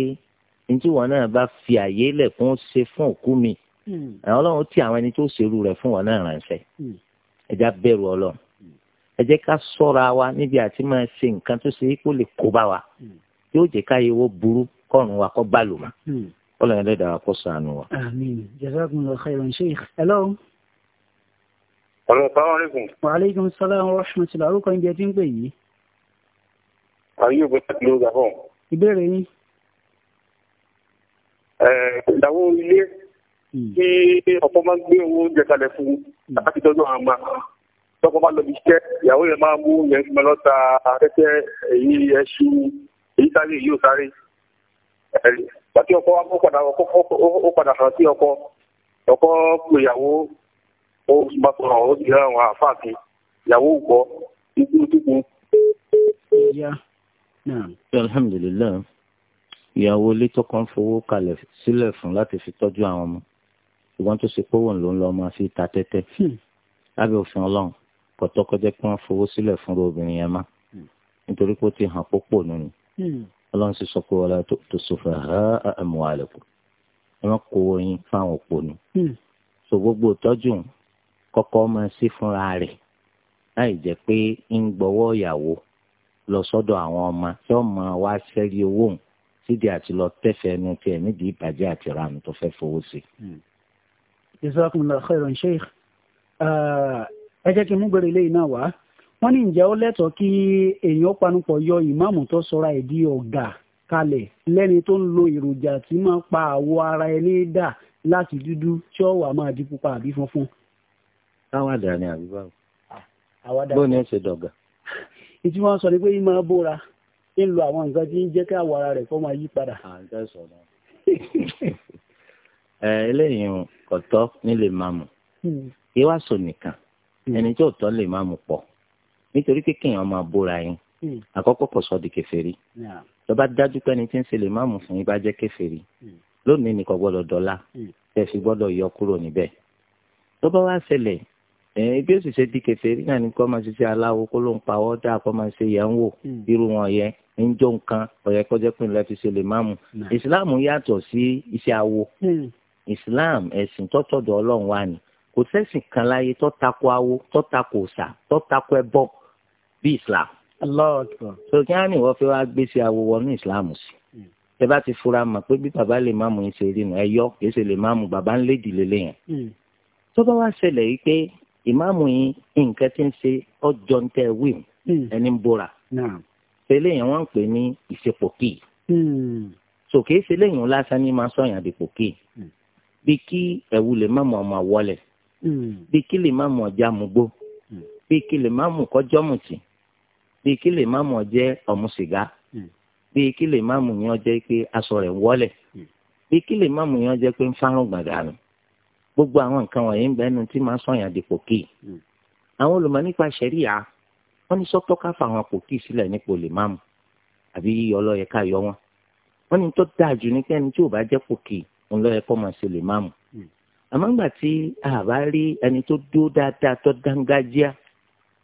ntí wọn náà bá fi àyè lẹ̀ fún ṣe fún òkú mi hmm. àwọn ọlọ́run tí àwọn ẹni tó ṣerú rẹ̀ fún wọn náà ránṣẹ́ ẹja bẹ̀rù ọlọ́run ẹ jẹ́ ká ṣọ́ra wa níbi àti máa ṣe nǹkan tó ṣe kó lè kó bá wa hmm. yóò jẹ́ ká yẹwò burú kọ́run wa kọ́ bá lò mọ́ hmm. ọlọ́run ẹlẹ́dàá wa kó ṣàánú wa. àmín jazakumullahu khairan sheikh hello. ọ̀rọ̀ sàlámù aleykum. wa aleykum salaam wa rahmatulah orúkọ ibi ẹtí ń pè yìí. àyè ògbé láti ló gàfọ́. ìbéèrè yín. ìyàwó ilé hmm. tí ọ̀pọ̀ máa ń gbé owó oúnjẹ kalẹ̀ fún láti tọ́jú àwọn ọmọ tọkọ bá lọ bí iṣẹ́ ìyàwó yẹn máa mú yẹn fún mi lọ́ta tẹ́tẹ́ èyí ẹṣu èyí sáré èyí ò sáré ẹ̀rí pàtí ọkọ ó padà ó padà sọ sí ọkọ ọkọ pé ìyàwó ó bá sọ̀rọ̀ ó sì rán àwọn àáfàá sí ìyàwó ò gbọ́ ikú dúkú. ìyá náà alhamdulilayi ìyàwó ilé tó kàn fowó kalẹ̀ sílẹ̀ fún láti fi tọ́jú àwọn ọmọ ṣùgbọ́n tó ṣe pé òun ló ń lọ ọmọ àfi ta tẹ́tẹ́ hmm. lábẹ́ òfin ọlọ́run kọtọkọjẹ pé wọn fowó sílẹ̀ fún obìnrin yẹn má hmm. nítorí pé ó ti hàn púpọ̀ nínú hmm. Ọlọ́run sì sọ pé wala tu'tu sufaha'a amwalakum ẹ má kó oyin fáwọn òpònú hmm. so gbogbo ìtọ́jú kọ́kọ́ máa sí fúnra rẹ̀ láì jẹ́ pé ń gbọ́wọ́ ìyàwó lọ sọ́dọ̀ àwọn ọmọ tí wọ́n máa wá sẹ́rí owó òun sídìí àti lọ tẹ́fẹ̀ẹ́ nu tiẹ̀ nídìí ìbàjẹ́ àti ranu tó fẹ́ fowó sí. jazakumullahu khairan sheikh uh, ẹ jẹ́ kí n mú gbèrè ilé iná wá wọ́n ní ǹjẹ́ ó lẹ́tọ̀ọ́ kí èèyàn panupọ̀ yọ ìmáàmù tó sọra ẹ̀ di ọ̀gá kalẹ̀ lẹ́ni tó ń lo èròjà tí máa pa àwọ̀ ara ẹni dà láti dúdú tí ó wà máa di pupa àbí funfun. àwàdà ni àbí báwo bó ni ó ṣe dọ̀gà. ìtí wọ́n sọ ni pé ìmọ̀ bóra ń lo àwọn nǹkan tí ń jẹ́ kí àwọ̀ ara rẹ̀ kó máa yí padà. (laughs) eléyìí kò tọ́ nílé màmù hmm. kí wàá sọ nìkan Hmm. ẹni tí òótọ́ lè má mú pọ̀ nítorí pé kéèyàn máa bóra yín hmm. àkọ́kọ́ kò sọ di kèfèrí tó bá dájú pé ẹni tí ń ṣe lè má mú fún yín bá jẹ́ kèfèrí hmm. lónìí nìkan gbọ́dọ̀ dọ́là tẹ̀ fi gbọ́dọ̀ yọ kúrò níbẹ̀ tó bá wá ṣẹlẹ̀ ẹ̀ẹ́n bí ó sì ṣe di kèfèrí náà ni kó máa ṣiṣẹ́ aláwo kó ló ń pa ọ́ dáa kó máa ṣe yẹn ń wò irú wọn yẹn ń jó nǹkan ọ̀yẹ́ kọjá pé nílẹ̀ mu ìsìláàmù yàtọ̀ sí iṣẹ́ awo ìsìláàmù ẹ̀sìn tọ́tọ̀dọ̀ kò sẹ́sìn kan láyé tó tako awo tó tako òòṣà tó tako ẹbọ bí islam. sọ̀kí á ní wọ́n fẹ́ wá gbé sí awo wọnú islam sí hmm. ẹ bá ti fura mọ̀ pé bí bàbá lè máàmù yín ṣe rí nu ẹ yọ kì í ṣe lè máàmù bàbá ń lé ìdílé lẹ́yìn. Hmm. tó bá wá ṣẹlẹ̀ yìí pé ìmáàmù yín nǹkan ti ń ṣe ọjọ́ ń tẹ wíìmù hmm. ẹni ń bóra tẹ́lẹ̀ yẹn wọ́n ń pè ní ìṣepòkì sòkè ṣe lẹ́yìn lásán ní máa sọ̀yàn bí kí lè má mọ̀ ọjà mugbó bí kí lè má mọ̀ kọjọ́ mùtì bí kí lè má mọ̀ jẹ́ ọ̀mù sìgá bí kí lè má mọ̀ yẹn jẹ́ pé aṣọ rẹ̀ wọlé bí kí lè má mọ̀ yẹn jẹ́ pé ń fárùn gbàdánù gbogbo àwọn nǹkan wọ̀nyí ń bẹ́ẹ̀ nu tí máa sọ̀yàn dìpò kì í àwọn olùmọ̀ nípa ṣẹ̀ríà wọ́n ní sọ́tọ́ ká fa àwọn àpò sílẹ̀ nípò lè má mọ̀ àbí yíyọ ọlọ́yẹ ká yọ wọn wọ́n ní tó dáa jù ní kẹ́ni tí ò bá jẹ́ pò kì kọ́ máa ṣe lè má mọ̀ àmọ́ ńgbà tí a bá rí ẹni tó dúró dáadáa tó dángájíá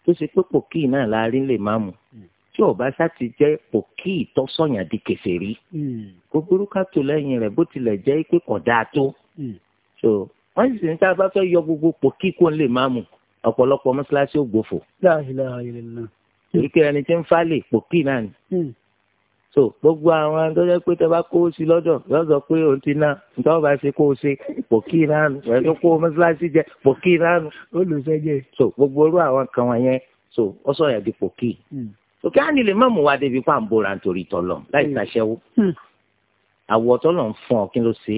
tó ṣe pé pòkì náà la rí lè má mu hmm. tí ọba sá ti jẹ́ pòkì ìtọ́sọ̀yàn di kèfèrí hmm. kúkúrú ká tó lẹ́yìn rẹ̀ bó tilẹ̀ jẹ́ pé kò dáa tó hmm. so wọ́n sì ń tá fẹ́ yọ gbogbo pòkì kó lè má mu ọ̀pọ̀lọpọ̀ mọ́ṣáláṣí ò láàyè láàyè lè nà. èyíkéyìí ẹni tí ń fálè pòkì náà ni so gbogbo àwọn tó jẹ́ pé tẹ bá kó sí lọ́dọ̀ yóò sọ pé òun ti ná nítorí wọn bá ṣe kó o ṣe pòkì ìránu ẹ̀ tó kó mọ́ṣáláṣí jẹ pòkì ìránu olùsẹ́jẹ́ so gbogbo orú àwọn kan wọn yẹn so ó sọ yẹn di pòkì òkè hmm. á nílé mọ́mú wa débi pa ń bora nítorí tọ́lọ̀ láì hmm. ṣàṣẹ́wó hmm. àwọ̀ tọ́lọ̀ ń fún ọ kí ló ṣe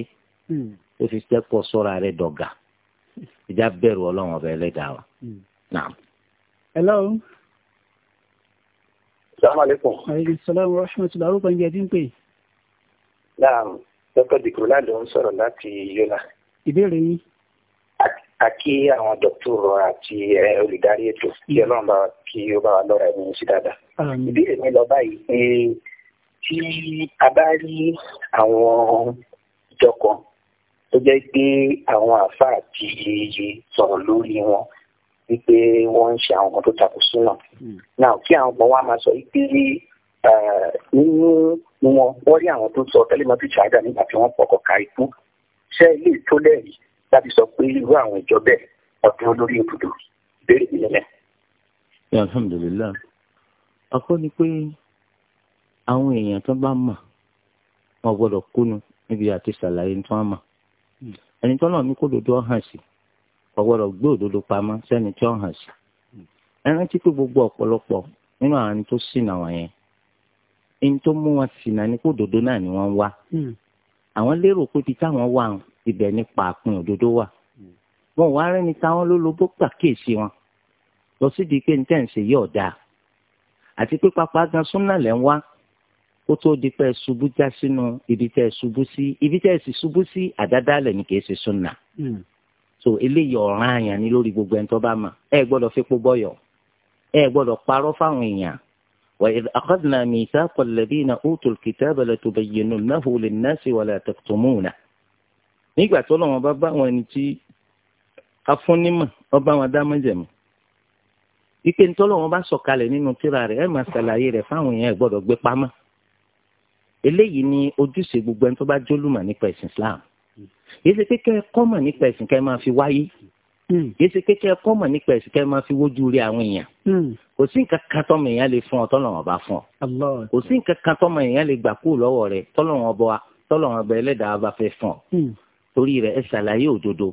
é fi tẹ́pọ̀ sọ́ra rẹ dọ̀gà ìjà bẹ̀rù ọlọ́run ọ̀bẹ ẹlẹ́dàá wa. hello sàmàlẹ́kùn. àyè sọlọ́run rọ́ṣùmọ̀tì lárúkọ ń jẹ́ dín pé. láàrùn dr dikrola ló ń sọ̀rọ̀ láti yọlá. ìbéèrè yín. àkí àwọn dọ́kítọ̀rù àti olùdarí ètò kí ọlọ́run bá kí ó bá wa lọ́ra ẹ̀mí sí dáadáa. ìbéèrè mi lọ báyìí pé tí a bá rí àwọn ìjọ kan tó jẹ́ pé àwọn àáfàá ti sọ̀rọ̀ lórí wọn wípé wọ́n ń ṣe àwọn kan tó takò súnà. Hmm. náà kí àwọn kan wá máa sọ wípé nínú wọn wọ́n rí àwọn tó sọ tẹ́lẹ̀mọ́tì ṣáájà nígbà tí wọ́n fọkọ̀ ka ikú ṣé ilé tó lẹ́rìí láti sọ pé irú àwọn ìjọ bẹ́ẹ̀ ọ̀dún olórí ibùdó béèrè nílẹ̀. alhamdulilayi akọ ni pé àwọn èèyàn tó bá mọ̀ wọn gbọ́dọ̀ kúnu níbi àti ṣàlàyé tó wọn mọ̀ hmm. ẹni tó náà ní kó ọgbọ́dọ̀ gbé òdodo pamọ́ sẹ́ni tí ó hàn sí ẹran tí pé gbogbo ọ̀pọ̀lọpọ̀ nínú àwọn ẹni tó ṣìnà wọn yẹn ẹni tó mú wọn ṣìnà ní kódodo náà ni wọ́n wá hmm. àwọn lérò pé ti táwọn wà ibẹ̀ nípa àpín òdodo wà wọn wá rẹ́ni táwọn ló lobó pàkíyèsí wọn lọ sídìí pé ní tẹ̀sí yìí ọ̀dà àti pé pápá gan súnà lẹ́ ń wá kó tó di pé ṣubú já sínú ibi tẹ́ ṣubú sí ibi tẹ́ ṣubú sí àdádálẹ̀ ni kì í ṣe súnà. Hmm so eléyìí ọ̀ràn àyàn ni lórí gbogbo ẹni tó bá mà ẹ gbọ́dọ̀ fipò bọ́yọ̀ ẹ gbọ́dọ̀ parọ́ fáwọn èèyàn وإذ أخذنا ميثاق الذين أوتوا الكتاب لتبيننه للناس ولا تكتمونه nígbà tó lọ́wọ́ bá bá àwọn ẹni tí afúnímọ̀ ọba wọn dámọ́jẹ̀mọ́ ike ń tọ́lọ́wọ́ bá sọ̀kalẹ̀ nínú tírà rẹ̀ ẹ̀ máa ṣàlàyé rẹ̀ fáwọn èèyàn gbọ́dọ̀ gbé pamọ́ eléyìí ni ojúṣe gbogbo ẹni tó bá jólùmọ̀ nípa ẹ̀sìn Islam yìí ṣe kékeré kọ́mọ̀ nípa ẹ̀sìn kẹ́ máa fi wáyé hmm. yìí ṣe kékeré kọ́mọ̀ nípa ẹ̀sìn kẹ́ máa fi wójú rí àwọn èèyàn hmm. kò sí nǹkan kan tọ́mọ èèyàn lè fún ọ tọ́lọ́wọ́n bá fún ọ kò sí nǹkan kan tọ́mọ èèyàn lè gbà kúrò lọ́wọ́ rẹ tọ́lọ́wọ́n bá tọ́lọ́wọ́n bá ẹlẹ́dàá bá fẹ́ fún ọ hmm. torí rẹ ẹ ṣàlàyé òdodo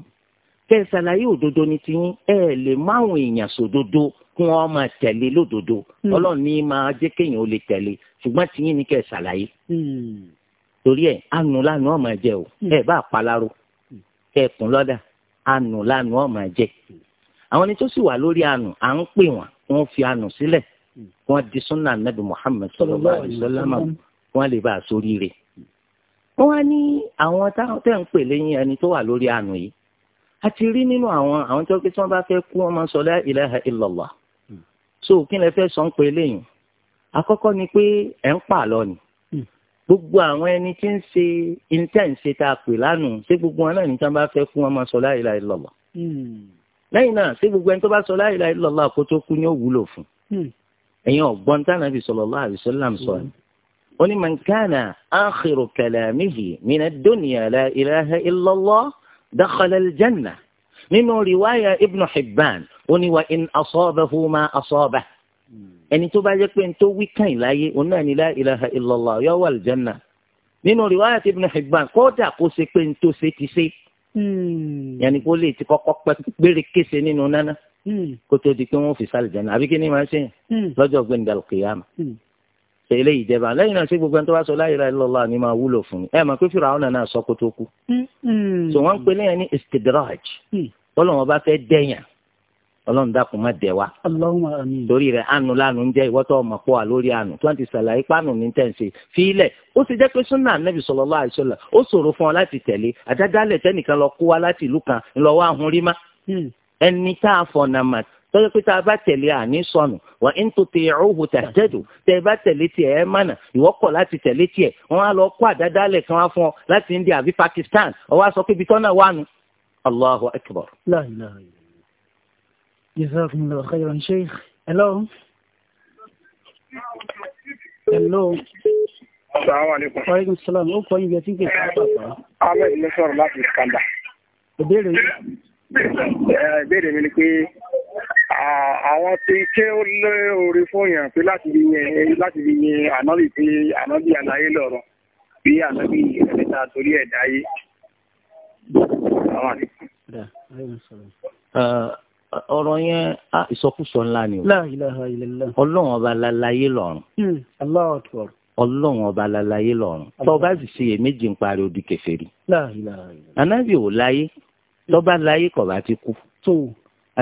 kẹ ẹ ṣàlàyé òdodo ní tiyín ẹ lè máwọn èèyàn sòdodo kí wọn máa tẹ̀lé lódodo ọlọ́ọ̀ni máa jẹ́ kéèyàn ó lè tẹ̀lé ṣùgbọ́n tiyín ni kẹ ẹ ṣàlàyé torí ẹ̀ anu lanu ọmọ jẹ o hmm. ẹ bá palaro kẹ kún lọ́dà anu lanu ọmọ jẹ àwọn ẹni tó sì wà lórí anu à ń pè wọn wọn fi anu sílẹ̀ wọn di sunna nabi muhammed sallallahu alaihi wasallam wọn lè bá a sórí rẹ̀ wọn á ní àwọn tẹ ń pè lẹ́yìn ẹni tó wà lórí anu yìí a ti rí nínú àwọn àwọn tó kí tí wọn bá fẹ́ kú wọn máa sọ la ilaha illallah so kí lẹ fẹ́ sọ ń pè lẹ́yìn àkọ́kọ́ ni pé ẹ ń pa àlọ ni gbogbo àwọn ẹni tí ń ṣe intanṣe tá a pè lánàá ṣé gbogbo wọn náà ní sábà fẹ́ fún wọn máa sọ la ilaha illallah hmm. lẹ́yìn náà ṣé gbogbo ẹni tó bá sọ la ilaha illallah kó kú ni ó wúlò fún hmm. ẹ̀yin ọ̀gbọ́n tánàbì sallallahu alaihi wasallam sọ ni hmm. ó ní man akhiru kalamihi min dunya la ilaha illallah dakhala al nínú riwaya ibnu hibban ó ní wa in asabahu ma asabahu ẹni tó bá jẹ́ pé ní tó wí kàn láyé òun náà ní la ilaha illallah yó wà lìjánà nínú riwayat ibn Hibban kódà kó ṣe pé ní tó ṣe ti ṣe hmm. yẹnni kó lè ti kọ́kọ́ pẹ́ gbére kése nínú nánà hmm. kó tó di pé wọ́n fi sálì jẹ́nà àbí kí ni màá ṣe yẹn hmm. lọ́jọ́ gbẹ̀ndàlù kìyàmà ṣe eléyìí jẹba lẹ́yìn náà ṣé gbogbo ẹni tó bá sọ la ilaha illallah ni máa wúlò fún mi ẹ mà pé fìrà ọ̀nà náà sọ kó tó kú. sọ wọn ń ọlọ́run dákun má dẹ̀ wa. torí rẹ̀ àánú lánàá ń jẹ́ ìwọ́tọ̀ ọmọ pọ̀ wà lórí àánú tí wọ́n ti ṣàlàyé pánù ní tẹ̀sí fílẹ̀ ó ti jẹ́ pé súnà nẹ́bí sallallahu alaihi wasallam ó ṣòro fún ọ láti tẹ̀lé àdádálẹ̀ tẹ́nìkan lọ kó wa láti ìlú kan ńlọ́wọ́ àhún rí má. Hmm. ẹni tá a fọ̀nà mà tọ́jú pé tá a bá tẹ̀lé àní sọnù wà ń tó tẹ ọ̀hún tẹ̀tẹ̀dù tẹ́ ẹ bá tẹ̀lé tiẹ̀ ẹ mànà ìwọ kọ̀ láti tẹ̀lé tiẹ̀ wọ́n á lọ kó àdádálẹ̀ kan wá fún ọ láti India àbí Pakistan ọwọ́ aṣọ tọ́nà wà nù. akbar. La Jazakumullahu khairan Sheikh. Hello. Hello. Assalamu alaikum. Wa alaikum salam. Ó kọ́ ibi ẹtí ń pè é pàápàá. Ahmed ló sọ̀rọ̀ láti Kanda. Ìbéèrè yìí. Ìbéèrè mi ni pé àwọn tí ṣé ó lé orí fóyàn pé láti fi yẹn láti fi yẹn ànábì pé ànábì àlàyé lọ̀rọ̀ bí ànábì ìrẹ̀lẹ́ta torí ẹ̀dá yìí. Assalamu alaikum ọ̀rọ̀ yẹn á ah, ìsọkúsọ ńlá ni o. La ilaha illallah. ọlọ́run ọba lálàyé lọ́run. Hmm, Allahu akbar. ọlọ́run ọba lálàyé lọ́run. tọ́ba sì ṣe èméjì ń parí odi kèfèrí. La ilaha illallah. anábì ò láyé tọ́ba láyé kọ̀ọ̀bá ti kú. tó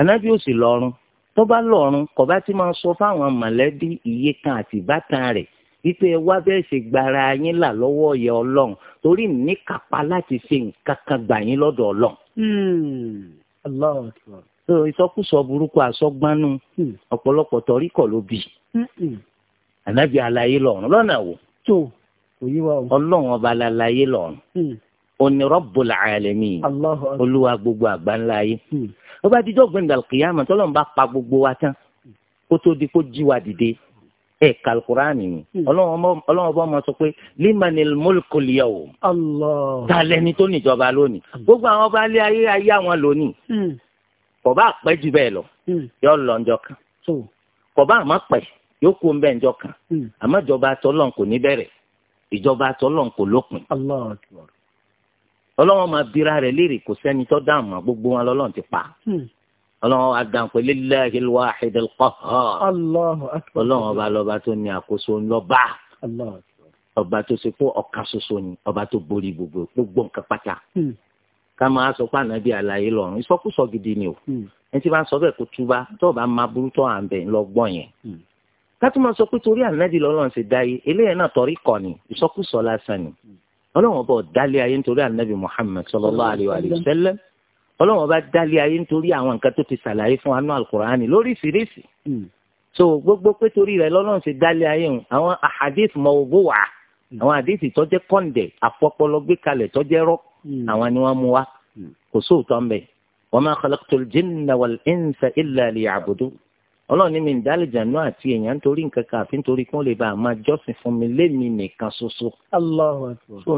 anábì ò sì lọ́run tọ́ba lọ́run kọ̀ọ̀bá ti máa sọ fáwọn mọ̀lẹ́bí ìyekan àti ìbátan rẹ̀ wípé wá bẹ́ẹ̀ ṣe gbara yín là lọ́wọ́ yẹ ọlọ́run torí níkàpá láti ṣe nǹkan kan gbà yín lọ́dọ̀ ọlọ́run. Hmm, so ìsọkúsọ burúkú àsọgbánú hmm. ọ̀pọ̀lọpọ̀ tọ̀ríkọ̀ ló bì hmm, hmm. ànábì àlàyé lọ́rùn lọ́nà wò ọlọ́run ọba àlàyé lọ́rùn òní Rabbul Alamin olúwa gbogbo àgbáńlá ayé ó bá dijọ́ gbẹ̀ndà kìyàmọ̀ tọ́lọ́run bá pa gbogbo wa tán kó tó di kó jí wa dìde ẹ̀ kàlùkùránì ni ọlọ́run ọba ọmọ sọ pé limanil mulku al ta lẹni tó níjọba lónìí gbogbo àwọn ọba alẹ́ ayé ayé àwọn lónìí kò bá pẹ́ jù bẹ́ẹ̀ lọ hmm. yọ lọ ńjọ́ kan kò bá àmọ́ pẹ́ yóò kó ń bẹ́ẹ̀ ńjọ́ kan hmm. àmọ́ ìjọba tọ́lọ́n kò ní bẹ̀rẹ̀ ìjọba tọ́lọ́n kò lópin ọlọ́wọ́n máa bira rẹ̀ léèrè kò sẹ́ni tó dáhùn mọ́ gbogbo wọn lọ́lọ́run ti pa hmm. ọlọ́wọ́n adànpẹ́ lillahi al-wahid al-qahhar ọlọ́wọ́n ọba lọ́ba tó ní àkóso ńlọ́ba ọba tó ṣe pé ọ̀ka ṣoṣo ni ọba tó borí gbogbo gbogbo nǹkan pátá ká máa sọ pé ànábì àlàyé lọ́rùn ìsọkúsọ gidi ni o hmm. ẹni tí bá ń sọ bẹ́ẹ̀ kó túbá tó o bá máa burú tó à ń bẹ̀ lọ gbọ́n yẹn. Hmm. ká tó máa sọ pé torí ànábì lọ́lọ́run ṣe dá yìí eléyẹn náà torí kọ́ ni ìsọkúsọ lásán ni hmm. ọlọ́run ọba ọ̀dálẹ̀ ayé nítorí ànábì Muhammad sallallahu alayhi wa sallam ọlọ́run ọba dálẹ̀ ayé nítorí àwọn nǹkan tó ti ṣàlàyé fún anú alukur'ani lóríṣiríṣi so gbogbo pé torí rẹ̀ lọ́lọ́run ṣe dálẹ̀ ayé hùn àwọn ahadith mawdu'a àwọn àdéhìí tọ́jẹ́ kọ́ńdẹ̀ àfọpọlọ gbé kalẹ̀ tọ́jẹ́ rọ́ Hmm. àwọn ni wọ́n mú wa hmm. kò sóòótọ́ ń bẹ̀ wa ma khalaqtul jinna wal insa illa liya'budun ọlọ́run ní mi ń dálẹ́jà náà àti èèyàn nítorí nǹkan kan àfi nítorí kí wọ́n lè bá a máa jọ́sìn fún mi lémi nìkan ṣoṣo.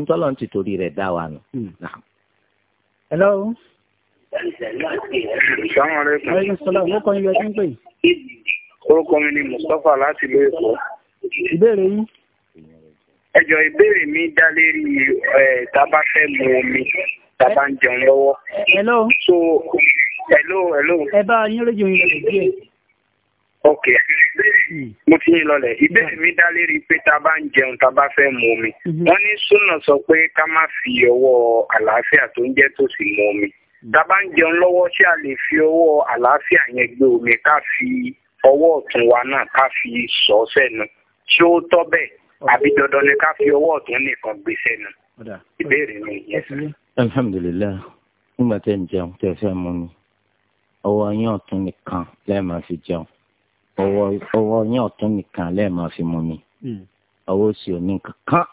tó ń ti torí rẹ̀ dá wa nù. Hmm. hello. salaamaleykum. orúkọ mi ni Mustapha láti ilé ẹ̀kọ́. ìbéèrè yín. ẹjọ ìbéèrè mi dá lérí ẹ tábà fẹ mu omi tábà ń jẹun lọwọ. hello. so hello hello. ẹ bá yín rédíò yín lọlẹ díẹ̀. ok hmm. mo ti yín lọlẹ ìbéèrè mi dá lérí pé tábà ń jẹun tábà fẹ́ mu omi. Hmm. wọ́n ní súnà sọ pé ká má fi ọwọ́ àlàáfíà tó ń jẹ tòsí mu omi. Hmm. tábà ń jẹun lọ́wọ́ ṣé a lè fi ọwọ́ àlàáfíà yẹn gbé omi ká fi ọwọ́ ọ̀tún wa náà ká fi sọ sẹ́nu ṣé ó tọ́ bẹ́ẹ̀. àbí dandan ni ká fi ọwọ́ ọ̀tún nìkan gbé sẹ́nu ìbéèrè mi yẹn. alhamdulilayi nígbà tẹ́ ń jẹun tẹ́ fẹ́ mú mi ọwọ́ yín ọ̀tún nìkan lẹ́ẹ̀ máa fi jẹun ọwọ́ yín ọ̀tún nìkan lẹ́ẹ̀ máa fi mú mi hmm. ọwọ́ sì ò ní kankan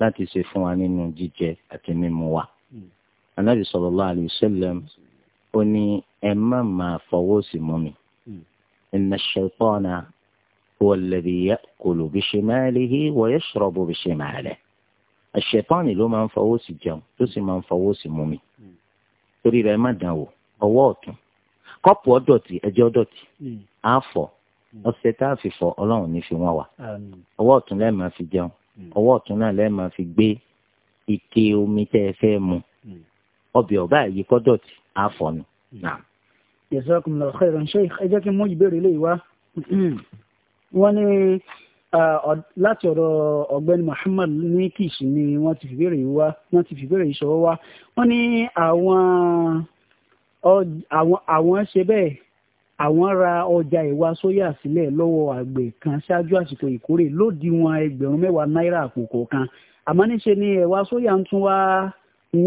láti ṣe fún wa nínú jíjẹ àti mímu wa anabi hmm. sallallahu alayhi wa sallam ó ní ẹ má máa fọwọ́ sí mú mi hmm. inna ash-shaytana. هو الذي يأكل بشماله ويشرب بشماله الشيطان ló máa ń fọwọ́ sí jẹun tó sì máa ń fọwọ́ sí mumi torí rẹ̀ má dàn wò ọwọ́ ọ̀tún kọ́pù ọ̀dọ̀tí ẹjẹ́ ọ̀dọ̀tí á fọ ọṣẹ tá a fi fọ ọlọ́run ní fi wọ́n wà ọwọ́ ọ̀tún lẹ́ẹ̀ máa fi jẹun ọwọ́ ọ̀tún náà lẹ́ẹ̀ máa fi gbé ike omi tẹ́ ẹ fẹ́ mu ọbẹ̀ ọ̀bá yìí kọ́dọ̀tí á fọ nu. jazakumullahu khairan sheikh ẹ jẹ́ kí n mú ìbéèrè lè wá wọ́n ní láti ọ̀dọ̀ ọ̀gbẹ́ni Muhammad ní kìsì ni wọ́n ti fìbéèrè wá wọ́n ti fìbéèrè ìṣòro wá wọ́n ní àwọn ṣe bẹ́ẹ̀ àwọn ra ọjà ìwà sóyà sílẹ̀ lọ́wọ́ àgbẹ̀ kan ṣáájú àsìkò ìkórè lódiwọ̀n ẹgbẹ̀rún mẹ́wàá náírà àpò kọ̀ọ̀kan àmọ́ níṣe ni ẹ̀wà sóyà ń tún wá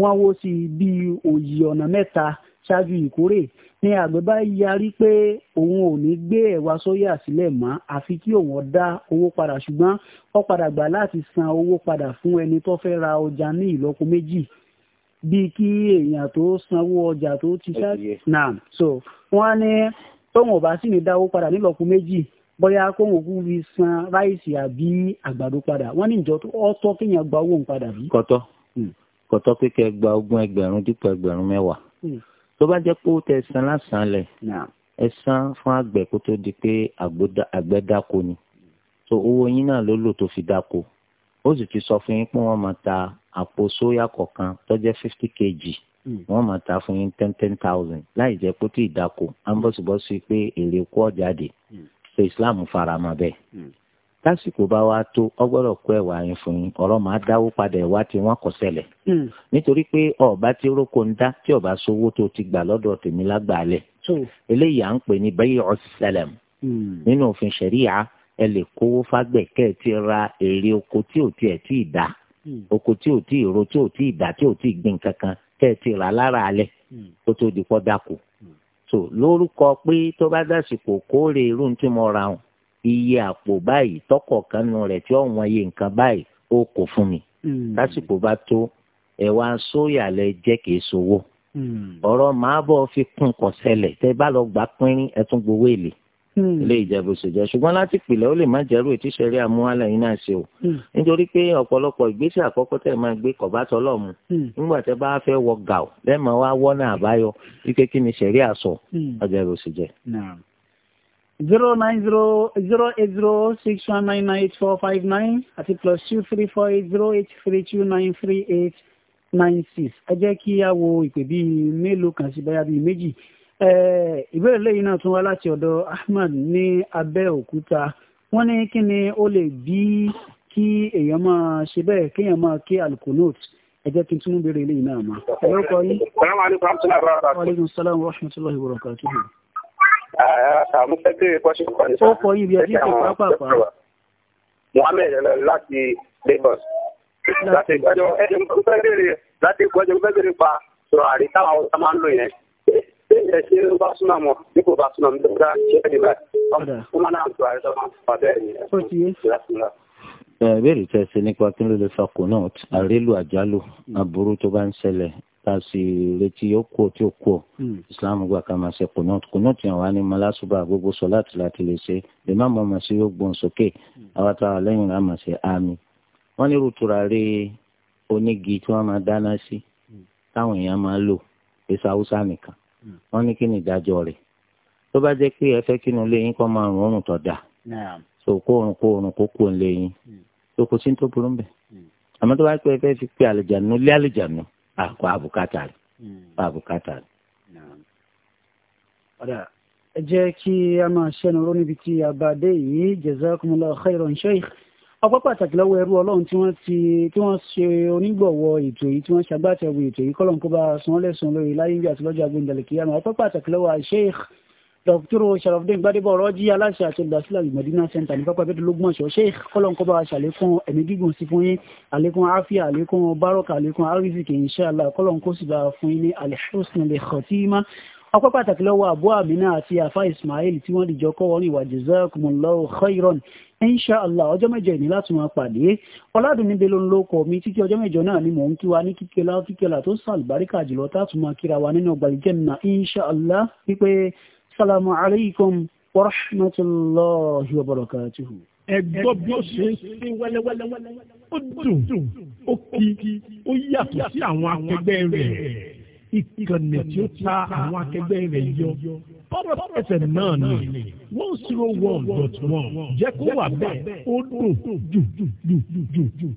wọ́n wó sí bíi òyì ọ̀nà mẹ́ta ṣáájú ìkórè ni àgbẹ̀ bá yarí pé òun ò ní gbé ẹ̀wà sóyà sílẹ̀ mọ́ àfi kí òun dá owó padà ṣùgbọ́n ó padà gbà láti san owó padà fún ẹni tó fẹ́ ra ọjà ní ìlọ́po méjì bíi kí èèyàn tó sanwó ọjà tó ti ṣáájú náà so wọ́n á ní tóun ò bá sì ní dá owó padà nílọ́po méjì bóyá kóhùn kú fi san ráìsì àbí àgbàdo padà wọn ní ìjọ tó ọtọ kéèyàn gba owó òun padà bí. kọtọ hmm. kọtọ pé kẹ gba ogún ẹgbẹ̀rún dípò ẹgbẹ̀rún mẹ́wàá hmm tó bá jẹ́ pé ó tẹ san lásán lẹ̀ ẹ san fún àgbẹ̀ kó tó di pé àgbẹ̀ dáko ni so owó yín náà ló lò tó fi dáko ó sì ti sọ fún yín pé wọ́n máa ta àpò sóyà kọ̀ọ̀kan tó jẹ́ fifty kg hmm. wọ́n máa ta fún yín ten ten thousand láì jẹ́ pé tí ìdáko á ń bọ̀sibọ́sí pé èrè kú ọ̀jáde hmm. so Islam fara mọ́ bẹ́ẹ̀. Hmm lásìkò bá wa tó ọgbọ́dọ̀ kó ẹ̀wà yẹn fún yín ọ̀rọ̀ máa dáwó padà ẹ̀wà tí wọ́n kọ̀ sẹ́lẹ̀. Hmm. nítorí pé ọba tí rókò ń dá tí ọba sówó tó ti gbà lọ́dọ̀ tèmi lágbàálẹ̀. eléyìí à ń pè ní bẹ́yì ọ̀sẹ̀lẹ̀m. Hmm. nínú òfin ṣẹ̀ríyà ẹ lè kówó fágbẹ̀ kẹ́ ẹ ti ra èrè oko tí ò tiẹ̀ tí ì hmm. oko tí ò tí ro tí ò tí ì tí ò tí gbìn kankan kẹ́ ẹ ti rà lára alẹ́ kó tó di pọ́ so lórúkọ pé tó bá dásìkò kóòrè irú tí mo ra hàn iye àpò báyìí tọkọ kanu rẹ̀ tí ọ̀wọ́n iye nǹkan báyìí ó kò fún mi hmm. lásìkò bá tó ẹ̀wà sóyà lẹ jẹ́ kìí sowó hmm. ọ̀rọ̀ màá bọ̀ fi kún kọ̀ sẹlẹ̀ tẹ́ bá lọ gbà pínrín ẹ̀tún gbowó èlé hmm. ilé ìjẹ́bù ṣèjẹ́ ṣùgbọ́n láti pìlẹ̀ ó lè má jẹ́rú ètí ṣẹ̀rí àmúhálẹ̀ yín náà ṣe o nítorí pé ọ̀pọ̀lọpọ̀ ìgbésẹ̀ àkọ́kọ́ tẹ̀ máa gbé kọ̀bá tọ́lọ́mù nígbà tẹ́ bá fẹ́ wọ gàù lẹ́ẹ̀mọ́ wá wọ́nà àbáyọ zero nine zero zero eight zero six one nine nine eight four five nine àti plus two three four eight zero eight three two nine three Ahmad ní Abẹ́òkúta wọ́n ní kí ni ó lè bí kí èèyàn máa ṣe bẹ́ẹ̀ kéèyàn máa ké alukonot ẹ jẹ́ kí n túnú béèrè lẹ́yìn náà mọ́. ẹ yín. àwọn sẹ́kẹ̀rì pọ́ṣẹ̀ kan ní sọ. ó kọ ibi ẹbí tó pápápá. Mohammed láti Lagos láti ìgbàjọ ẹni mo fẹ́ bèrè láti ìgbàjọ mo fẹ́ bèrè pa sọ̀rọ̀ àrí táwọn ọ̀sán máa ń lò yẹn. ṣé ẹ ṣe ló bá súnmọ́ mọ́ bí kò bá súnmọ́ mi tó dá ṣé ẹ dìbà ó máa náà tó àrí tó máa fà bẹ́ẹ̀ ni. ìbéèrè tẹ́ ṣe nípa kí ló lè fa kò náà àrélù àjálù aburú tó bá ń ṣẹlẹ̀ kasi a sì retí ó kú tí ó kú ọ hmm. islam gba ká máa ṣe kùnúùt kùnúùt yẹn wà ní malásùbà gbogbo sọ láti láti lè ṣe lè má mọ ọmọ sí yóò gbọn sókè hmm. àwọn táwa lẹ́yìn rà máa ṣe àmì wọn ní rútura rí onígi tí wọn máa dáná sí hmm. táwọn èèyàn máa lò èso haúsá nìkan wọn ní kí ni ìdájọ́ rẹ̀ tó bá jẹ́ pé ẹ kínú lẹ́yìn kó máa rùn òrùn tó so kóòrùn kóòrùn kó kú lẹ́yìn tó kó sí ní tó burú bẹ àmọ́ tó bá àkọ àbùkátà rẹ̀ àkọ àbùkátà rẹ̀. ọ̀dà ẹ jẹ́ kí a máa ṣẹ́nu ró níbi tí a bá dé yìí jazakumullahu khairan sheikh ọpọ́ pàtàkì lọ́wọ́ ẹrú ọlọ́run tí wọ́n ti tí wọ́n ṣe onígbọ̀wọ́ ètò yìí tí wọ́n ṣàgbàtẹ̀wò ètò yìí kọ́lọ́n kó bá sanwó lẹ́sùn lórí láyé bí àtìlọ́jọ́ agbóhùndàlẹ̀ kíyàmù ọpọ́ pàtàkì lọ́wọ́ sheikh dr sharafdin gbadebo ọrọjì aláṣẹ àti olùdásílẹ̀ alimọdínà center ní pápá bẹ́ẹ̀ lógún ọṣọ sheikh kọlọńkọba aṣàlékún ẹ̀mí gígùn sí fún yín àlékún àfíà àlékún bárọkà àlékún àrísìkì inṣàlá kọlọńkó sì bá fún yín ní alihusn lè khatima ọpẹ́ pàtàkì lọ́wọ́ àbú àmínà àti àfa ismail tí wọ́n dìjọ kọ́ wọn ìwà jazakumullahu khairan inṣàlá ọjọ́ mẹ́jọ ìní láti wọn pàdé ọ̀làdùn níbi ló ń lo ọkọ̀ mi títí ọjọ́ mẹ́jọ náà ni mò ń kí wa ní kíkẹ́lá kíkẹ́lá tó sàlùbáríkà jùlọ tá a tún máa kíra wa nínú ọgbà ìjẹ́ nà wípé salamu alaykum wa rahmatulahi wa barakatuhu. ẹgbọ́ bí ó ṣe ṣe wẹ́lẹ́wẹ́lẹ́ ó dùn ó kí ó yàtọ̀ sí àwọn akẹgbẹ́ rẹ̀ ìkànnì tí ó ta àwọn akẹgbẹ́ rẹ̀ yọ ọ̀rọ̀ ẹsẹ̀ náà ni one zero one dot one jẹ́ kó wà bẹ́ẹ̀ ó dùn dùn dùn dùn dùn.